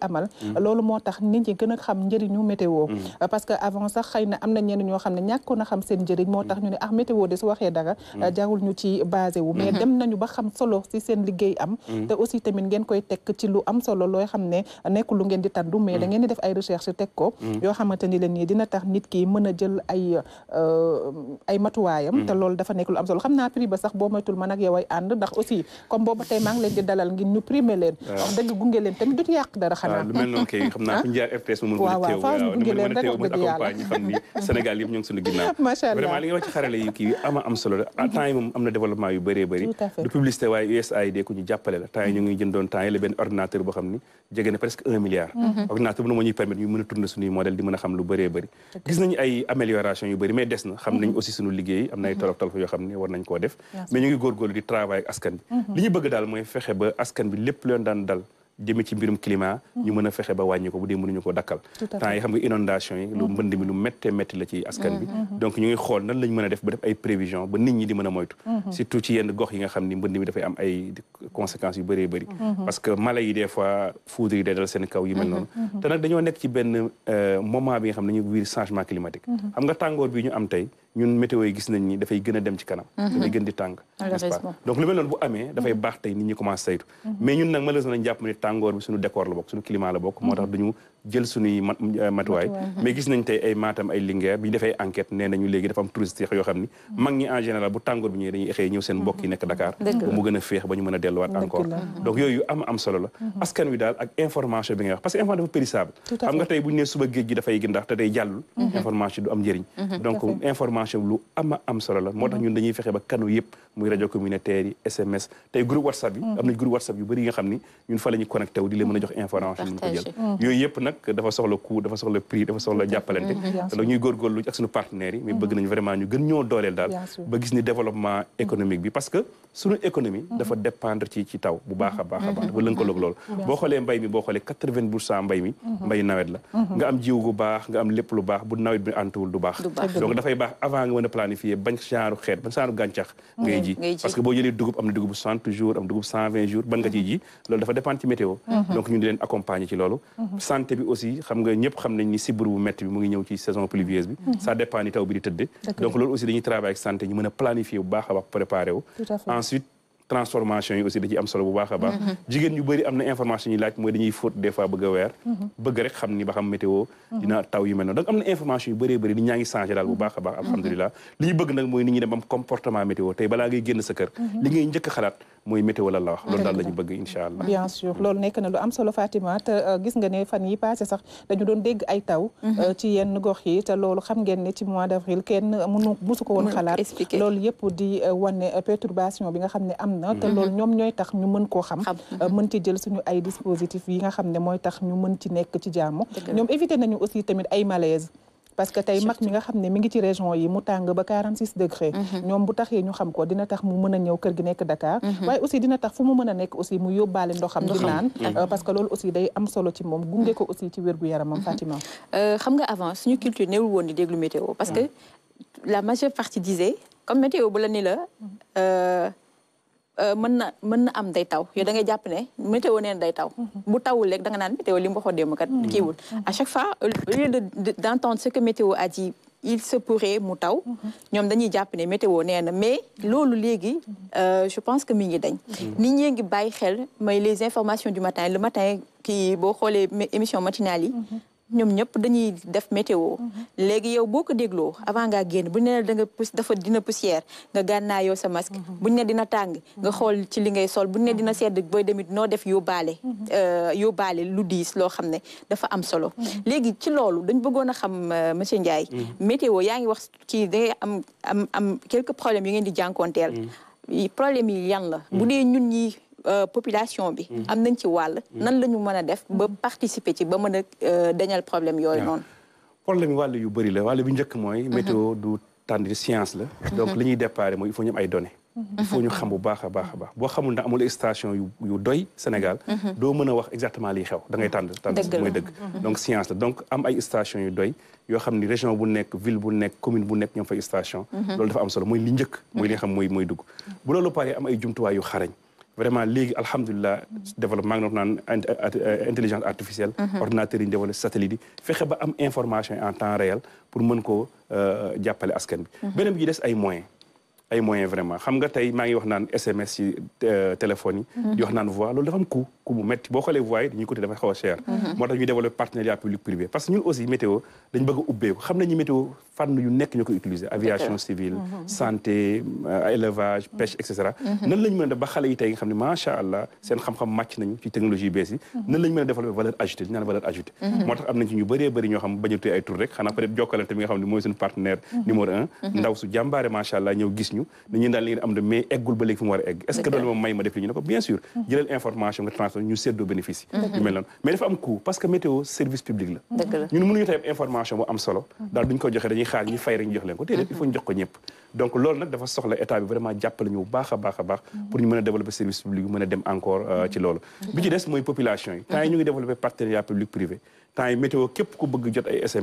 amal mm. loolu moo tax nit ñi a xam njëriñu météo mm. parce que avant sax xëy na am na ñenn ñoo xam ne ñàkkoon a xam seen njëriñ moo mm. tax ñu ne ax ah, météo de su waxee dara euh, jarul ñu ci basé wu mais dem nañu ba xam solo si seen liggéey am te aussi tamit ngeen koy tekk ci lu am solo looy xam ne nekk lu ngeen di tàndu mais da ngeen di def ay recherche teg ko yoo xamante ni leen nii dina tax nit ki mën a jël ay euh, ay matuwaayam te loolu dafa nekk lu am solo xam naa prix sax boo moytul man ak yow ay ànd ndax aussi comme booba xanaa lu mel noonu kay xam naa fu ñu jaar RTS ngi suñu ginnaaw macha allah vraiment li nga wax ci xarale kii ama am solo la mhm. temps am na développement yu bëree bëri du publicité waaye USAID ku ñu jàppale temps yi ñu benn ordinateur boo xam ni jege na presque un milliard mhm. Mhm. ordinateur bu na moo ñuy permettre ñu mën a tourner suñuy di mën a xam lu bëree bëri gis nañu ay amélioration yu bëri mais des na xam nañ aussi suñu liggéey am na ay tolof tolof yoo xam jëmee ci mbirum climat ñu mën a fexe ba wàññi bu dee mënuñu ko dakkal temps yi xam nga inondation yi lu mm-hmm. mbënd mi lu méttee métti la ci askan bi mm-hmm. donc ñu ngi xool nan lañ mën a def ba def ay prévision ba nit ñi di mën a moytu mm-hmm. surtout ci yenn gox yi nga xam ni mbënd mi dafay am ay conséquences yu bëree bëri parce que mala yi des yi day dal seen kaw yi mel noonu te nag dañoo nekk ci benn euh, moment bi nga xam ne ñu wiir changement climatique xam ñun météo yi gis nañ ni dafay gën a dem ci kanam mhm. dafay gën di tàng n'est-ce donc lu mel noonu bu amee mhm. dafay baax tey nit ñi commencé saytu mhm. mais ñun nag malheureusement nañ jàpp ne tàngoor bi suñu décor la bokk suñu climat la bokk moo tax duñu jël suñuy eh, matuwaay mais gis nañ tey ay Matam ay Linguère bi defee enquête nee léegi dafa am touriste yoo xam ni hmm. mag ñi en général bu tàngoor bi ñëwee ñëw seen mbokk yi hmm. Dakar bu mu gën a féex ba ñu mën a delluwaat encore hmm. donc yooyu ama am solo moo tax ñun dañuy fexe ba kanu yëpp muy rajo communautaire yi SMS tey groupe WhatsApp yi am nañ groupe WhatsApp yu bëri yi xam ni ñun fa la ñu wu di leen mën a jox information ñu ko jël nag dafa soxla coût dafa soxla prix dafa soxla jàppalante te la ñuy góorgóorlu ak suñu partenaires yi mais ba mm. mm. a a baax mm. dafa boo xoolee mbay mi boo xoolee quatre-vingt pour cent mbay mi mm-hmm. bu mm-hmm. baax nga am lépp lu baax bu nawet bi antuwul du baax donc dafay baax avant nga mën a planifier bañ genre xeet bañ genre gàncax mm-hmm. ngay na dugub soixante jours am dugub cent vingt jours ban nga ciy ji loolu dafa dépendre ci météo donc ñu di leen accompagner ci loolu santé bi aussi xam nga ñëpp xam nañ ni sibbiru bu métti bi mu ngi ñëw ci saison pluvieuse bi mhm. ça dépend ni taw bi di tëdd donc loolu aussi dañuy travailler santé ñu mën a planifier bu baax a préparer wu ensuite transformation yi aussi mhm. dañuy fóot des bëgg a weer mhm. bëgg rek xam ni ba xam météo dina taw yu mel noonu donc am na information yu bëree bëri nit ñaa ngi changé daal bu baax a baax alhamdulilah bëgg nag mooy nit ñi dem am comportement météo tey balaa ngay mooy météo la la daal la ñu bëgg incha allah bien sûr loolu nekk na lu am solo Fatima euh, gis nga ne fan yi passé sax dañu doon dégg ay taw mhm. euh, ci yenn gox yi te loolu xam ngeen ne ci mois d' avril kenn mënu musu ko woon xalaat loolu yëpp di euh, wane perturbation bi nga xam ne am na te mhm. loolu ñoom ñooy tax ñu mën koo xam mën ci jël suñu ay dispositif yi nga xam ne mooy tax ñu mën ci nekk ci jàmm ñoom éviter nañu aussi tamit ay malaise parce que tay mak mi nga xamné mi ngi ci région yi mu tang ba 46 degrés. Mhm. ñom bu taxee ñu xam ko dina tax mu mëna ñëw kër gi nekk Dakar mhm. waye aussi dina tax fu mu mëna a nekk aussi mu yobale ndoxam du nan mhm. euh, parce que loolu aussi day am solo ci mom gungé ko aussi ci wér gu am Fatima xam nga avant suñu culture néewul won di déglu météo parce que la majeure partie disait comme météo bu la ni la euh, euh, mën na à chaque fois lieu d'entendre ce que météo a dit il se pourrait mu taw mhm. dañuy ne météo nee mais loolu mhm. euh, je pense que mi ngi dañ mhm. nit ñi ngi xel les informations du matin le matin kii boo xoolee émission matinale ñoom ñëpp dañuy def météo mhm. léegi yow boo ko dégloo avant ngaa génn bu ñu ne da nga pus dafa dina poussière nga gànnaa yow sa masque mhm. bu ñu ne dina tàng nga xool ci li ngay sol bu ñu ne dina mhm. sedd booy demit noo def yu baale yóbbaale euh, yóbbaale lu diis loo xam ne dafa am solo léegi ci loolu dañ bëggoon a xam euh, monsieur Ndiaye météo yaa ngi wax kii da ngay am am am quelques problème yi ngeen di jànkoonteel problème yi yan la bu dee ñun ñi Euh, population bi. am nañ ci wàll. nan la ñu mën a def ba participer ci ba mën a euh, dañal problème yooyu noonu. problème wàll yu bari la wàll bi njëkk mooy. Mhm. météo du tànn science la. Mhm. donc li ñuy déparé mooy il am ay données. Mhm. il xam bu baax a baax a baax boo xamul ne amul station yu yu doy Sénégal. doo a wax exactement liy xew da ngay tànn tànn mooy dëgg. donc science la yoo xam ni région bu nekk ville bu nekk commune bu nekk ñoom fay station. loolu dafa am solo mooy li njëkk. mooy li nga xam mooy mooy dugg bu loolu paree am ay jumtuwaay yu xarañ. vraiment léegi alhamdulilah développement ngi naan intelligence artificielle mhm. ordinateurs yi ñu développé satellite yi fexe ba am information en temps réel pour mën koo euh, jàppale askan bi mhm. beneen bi ci des ay moyens ay moyens vraiment xam nga tay maa ngi wax naan SMS ci euh, téléphones yi. Mhm. di wax naan voix loolu dafa am coût coût bu métti boo xoolee voix yi dañuy coûté dafa xaw a cher. Mhm. moo tax ñuy développé partenariat public privé parce que ñun aussi météo dañ bëgg a ubbeeku xam nañu météo fànn yu nekk ñoo ko utiliser. aviation civile mhm. santé euh, élevage pêche et cetera. nan la mën a ba xale yi tey nga xam ne macha allah seen xam-xam màcc nañu ci technologie yu bees yi. nan lañ ñu mën a développé valeur ajoutée li valeur ajoutée. moo tax am nañ ci ñu bëree bëri ñoo xam bañ a ay tur rek xanaa peut être Jokalante mi nga xam ne mooy suñu partenaire numéro un ndaw su jàmbaare macha allah ñëw gis ñu ne ñun am de mais eggul ba léegi fi war a egg est ce que doolu moom mmh. bénéfice mmh. mel noonu mais dafa am coût parce que météo service public la ñun mënuñu tey information bu am solo mmh. daal duñ ko joxe dañuy xaar ñu fay rek ñu jox leen ko déedéet il faut ñu jox ko ñëpp donc loolu nag dafa soxla état bi vraiment jàppale ñu baax a baax a baax pour ñu mën a développer service public mën a dem encore euh, ci loolu bi ci des mooy population yi temps ñu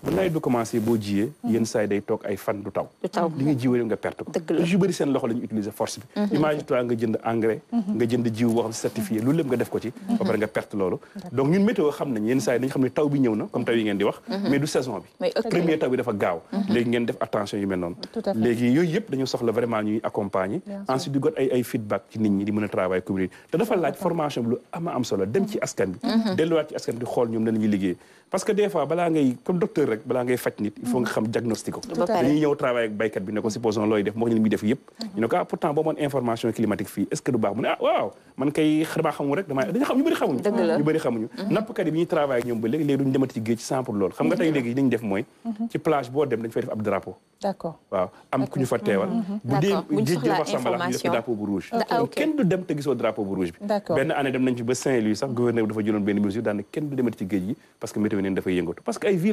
bu nawet bi commencé boo jiyee mm-hmm. yenn saa day toog ay fan du taw li nga jiwee nga perte ko ju bëri seen loxo la ñu force bi mm-hmm. imagine toi nga jënd engrais mm-hmm. nga jënd jiw boo xam certifié loolu nga def ko ci ba dafa laaj formation bi lu ama am solo dem ci askan bi delluwaat ci askan bi xool ñoom la ñuy liggéey parce que des fois ngay comme docteur rek balaa ngay faj nit il faut nga xam diagnostic mm-hmm. moo ñu li muy def yëpp mm-hmm. ñu ah, pourtant boo moon information climatique fii est ce que du baax mu ne ah waaw man kay damaa xamuñu ñu bëri xamuñu mm-hmm. nappkat ñoom ba léegi léegi duñu demati géej ci cent xam nga tey léegi yi def mooy ci plage boo dem dañu fay def ab drapeau waaw am ku ñu fa teewal bu dee géej gi wax sambala kenn du dem géej parce que météo neen dafay yëngatu parce que ay vie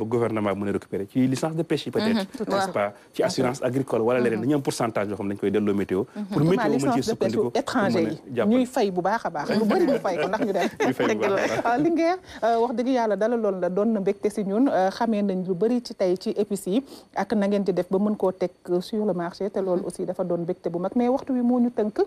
ba gouvernement mën a récupérer ci licence de pêche peut être mhm, n'est-ce pas ci assurance agricole wala leneen mhm. dañu am pourcentage yoo xam ne dañ koy delloo météo mhm. pour météo mën ci sukkandiku étranger ñuy fay bu baaxa baax lu bari ñu fay ko ndax ñu dem ah, li ngeer euh, wax dëgg yalla dala loolu la doon na mbégte si ñun euh, xamee nañ lu bëri ci tey ci épices ak na ngeen di def ba mën ko tek euh, sur le marché té loolu aussi dafa doon mbégte bu mak mais waxtu wi mo ñu teunk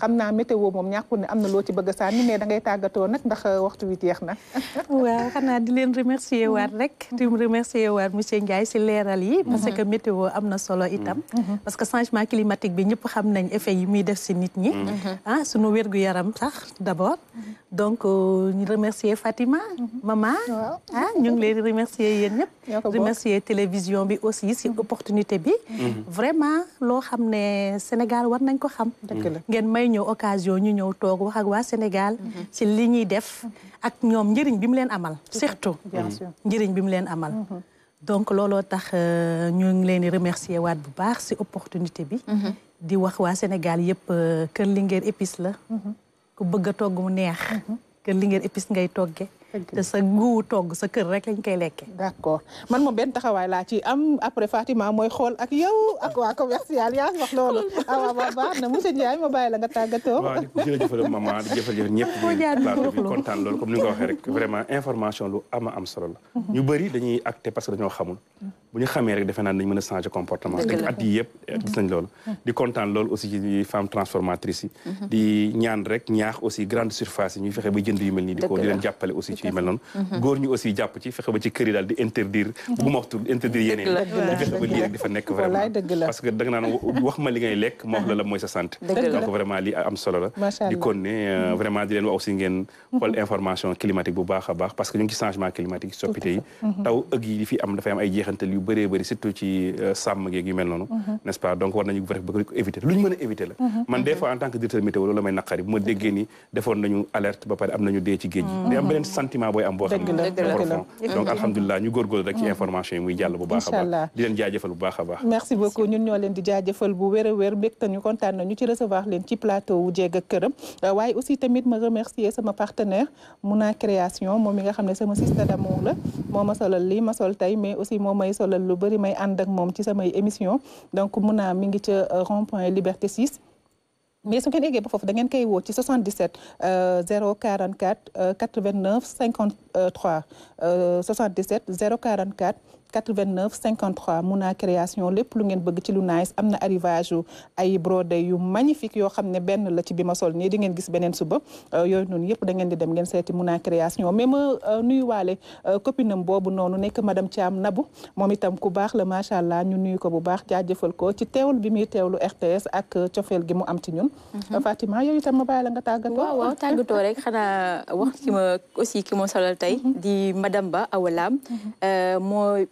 xamna météo mom ñàkkul ni amna lo ci bëgg a ni mais da ngay tagato nak ndax waxtu wi jeex na wa xanaa di leen remercier waat mm. rek mm. remercier waat monsieur Ndiaye si leeral yi parce que météo am na solo itam parce que changement climatique bi ñëpp xam nañu effet yi muy def si nit ñi mm-hmm. ah suñu wér-gu-yaram sax d'abord donc euh, ñu remercier Fatima. Mhm. maman ah ñu ngi leen di remercier yéen ñëpp. remercier télévision bi aussi si mhm. opportunité bi. Mhm. vraiment loo xam ne Sénégal war nañ ko xam. ngeen may ñëw occasion ñu ñëw toog wax ak waa Sénégal. si li ñuy def ak ñoom njëriñ bi mu leen amal. surtout njëriñ bi mu leen amal. donc looloo tax euh, ñu ngi leen di remercier waat bu baax si opportunité bi. di wax waa Sénégal yëpp Kër euh, Linguère épice la. ku bëgg a togg mu neex que mhm. li ngeen épice ngay togge te sa guu togg sa kër rek lañ koy lekke d'accord man moom benn taxawaay laa ci am après Fatima mooy xool ak yow ak waa commercial yaa wax a ah, waaw waaw baax na monsieur Ndiaye a bàyyi la nga tàggatoo waaw jërëjëfal maman di jëfal ñëpp bi kontaan loolu comme ni nga ko waxee rek vraiment information lu ama am solo mhm. ñu bëri dañuy acté parce que dañoo xamul mhm. bu ñu xamee rek defe naa dañ a comportement at yi yëpp eh, mm-hmm. di kontaan loolu aussi ci transformatrice mm-hmm. di ñaan rek ñaax aussi grande surface yi fexe ba jënd mel nii di ko di leen jàppale aussi ci mel noonu mm-hmm. góor ñu aussi jàpp ci fexe ba ci kër daal di interdire bu ma wax interdire yeneen yi fexe ba li am solo di kon ne euh, vraiment di leen wax aussi ngeen xool information climatique bu baax a baax parce que ñu ngi ci changement climatique soppite yi taw ëgg yi di fi am am ay jeexantal yu bëree surtout ci euh, sàmm geeg yu mel noonu mhm. nest pas donc war nañu fexe ba ko éviter lu ñu mën a éviter la mhm. man des mhm. en tant que loolu may naqari bu ma déggee ni defoon nañu alerte ba pare am nañu dee ci géej yi muy jàll bu baax a merci beaucoup ñun ñoo leen di jaajëfal bu wér a wér mbégte ñu nañu ci recevoir leen ci plateau wu jeeg këram euh, waaye aussi tamit ma remercier sama partenaire Mouna Création moom mi nga xam ne sama solal lu bëri may ànd ak moom ci samay émission donc mun naa mi ngi ca euh, rond point Liberté 6. mais su ngeen eggee ba foofu da ngeen koy woo ci 77 044 89 53 77 044. 89 Muna création lépp lu ngeen bëgg ci lu nice am na arrivage yu ay brodé yu magnifique yoo xam ne benn la ci bi ma sol nii di ngeen gis beneen suba euh, yooyu noonu yëpp da ngeen di dem ngeen seeti Muna création mais ma euh, nuyuwaale euh, copine am boobu noonu nekk madame Thiam Nabou moom itam ku baax la macha allah ñu nuyu ko bu baax jaajëfal ko ci teewul bi muy teewlu RTS ak cofeel gi mu am ci ñun. Mhm. Fatima yooyu itam ma la nga tàggatoo. wax ki ma aussi ki ma solal tey. Mhm.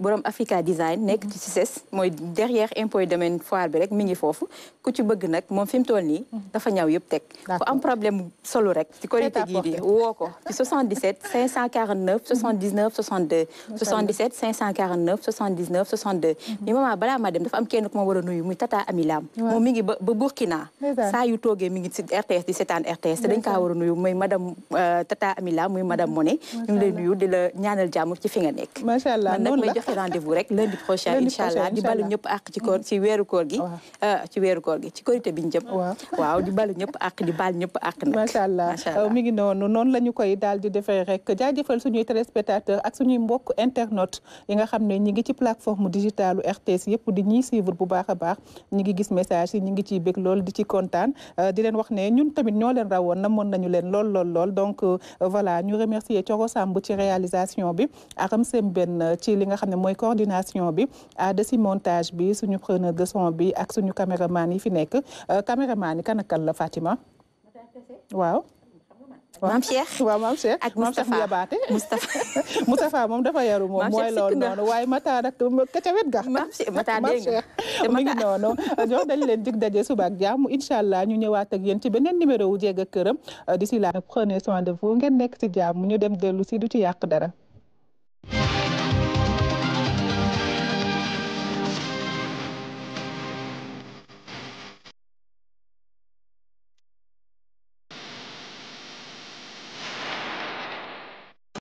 borom Africa design nek mhm. ci CICES moy derrière impôt domaine foire bi rek mi ngi fofu ku ci bëgg nak moom fi mu toll nii mhm. dafa ñaw yëp tek ku am problème solo rek ci qualité gii di woo ci 77 549 79 62 77 549 79 62 mais maman bala ma dem dafa am kenn ko ma wara nuyu muy tata amilam moom mi ngi ba Burkina sa yu toogee mi ngi ci RTS di setan RTS dañ ka wara nuyu muy madame euh, tata amilam muy madame mhm. Moné ñu lay nuyu di la ñaanal jamm ci fi nga nek machallah non la rendez-vous rek lundi prochain incha allah di balu ñëpp àq ci koor ci weeru koor gi euh, ci weeru koor gi ci korité bi ñu waaw di balu ñëpp àq di bal ñëpp àq nag macha allah euh, mi ngi noonu noonu la koy daal di defee rek jaajëfal suñuy téléspectateurs ak suñuy mbokk internautes yi nga xam ne ñi ngi ci plateforme digitalu RTS yëpp di ñuy suivre bu baax a baax ñi ngi gis message yi ñi ngi ciy bég lool di ci kontaan euh, di leen wax ne ñun tamit ñoo leen rawoon na moon nañu leen lool mooy coordination bi aada si montage bi suñu preneur de son bi ak suñu caméraman yi fi nekk euh, caméraman yi kan ak kan la Fatima waaw maam Cheikh ak Moustapha maam Cheikh Diabaté Moustapha moom dafa yaru moom mooy loolu noonu waaye Matar ak ka ca wet ga maam Cheikh Matar dégg nga jox dañ leen jëg daje subaak ak jàmm allah ñu ñëwaat ak yéen ci beneen numéro wu jeeg ak këram euh, d'ici là prenez soin de vous ngeen nekk ci jàmm ñu dem dellu si du ci yàq dara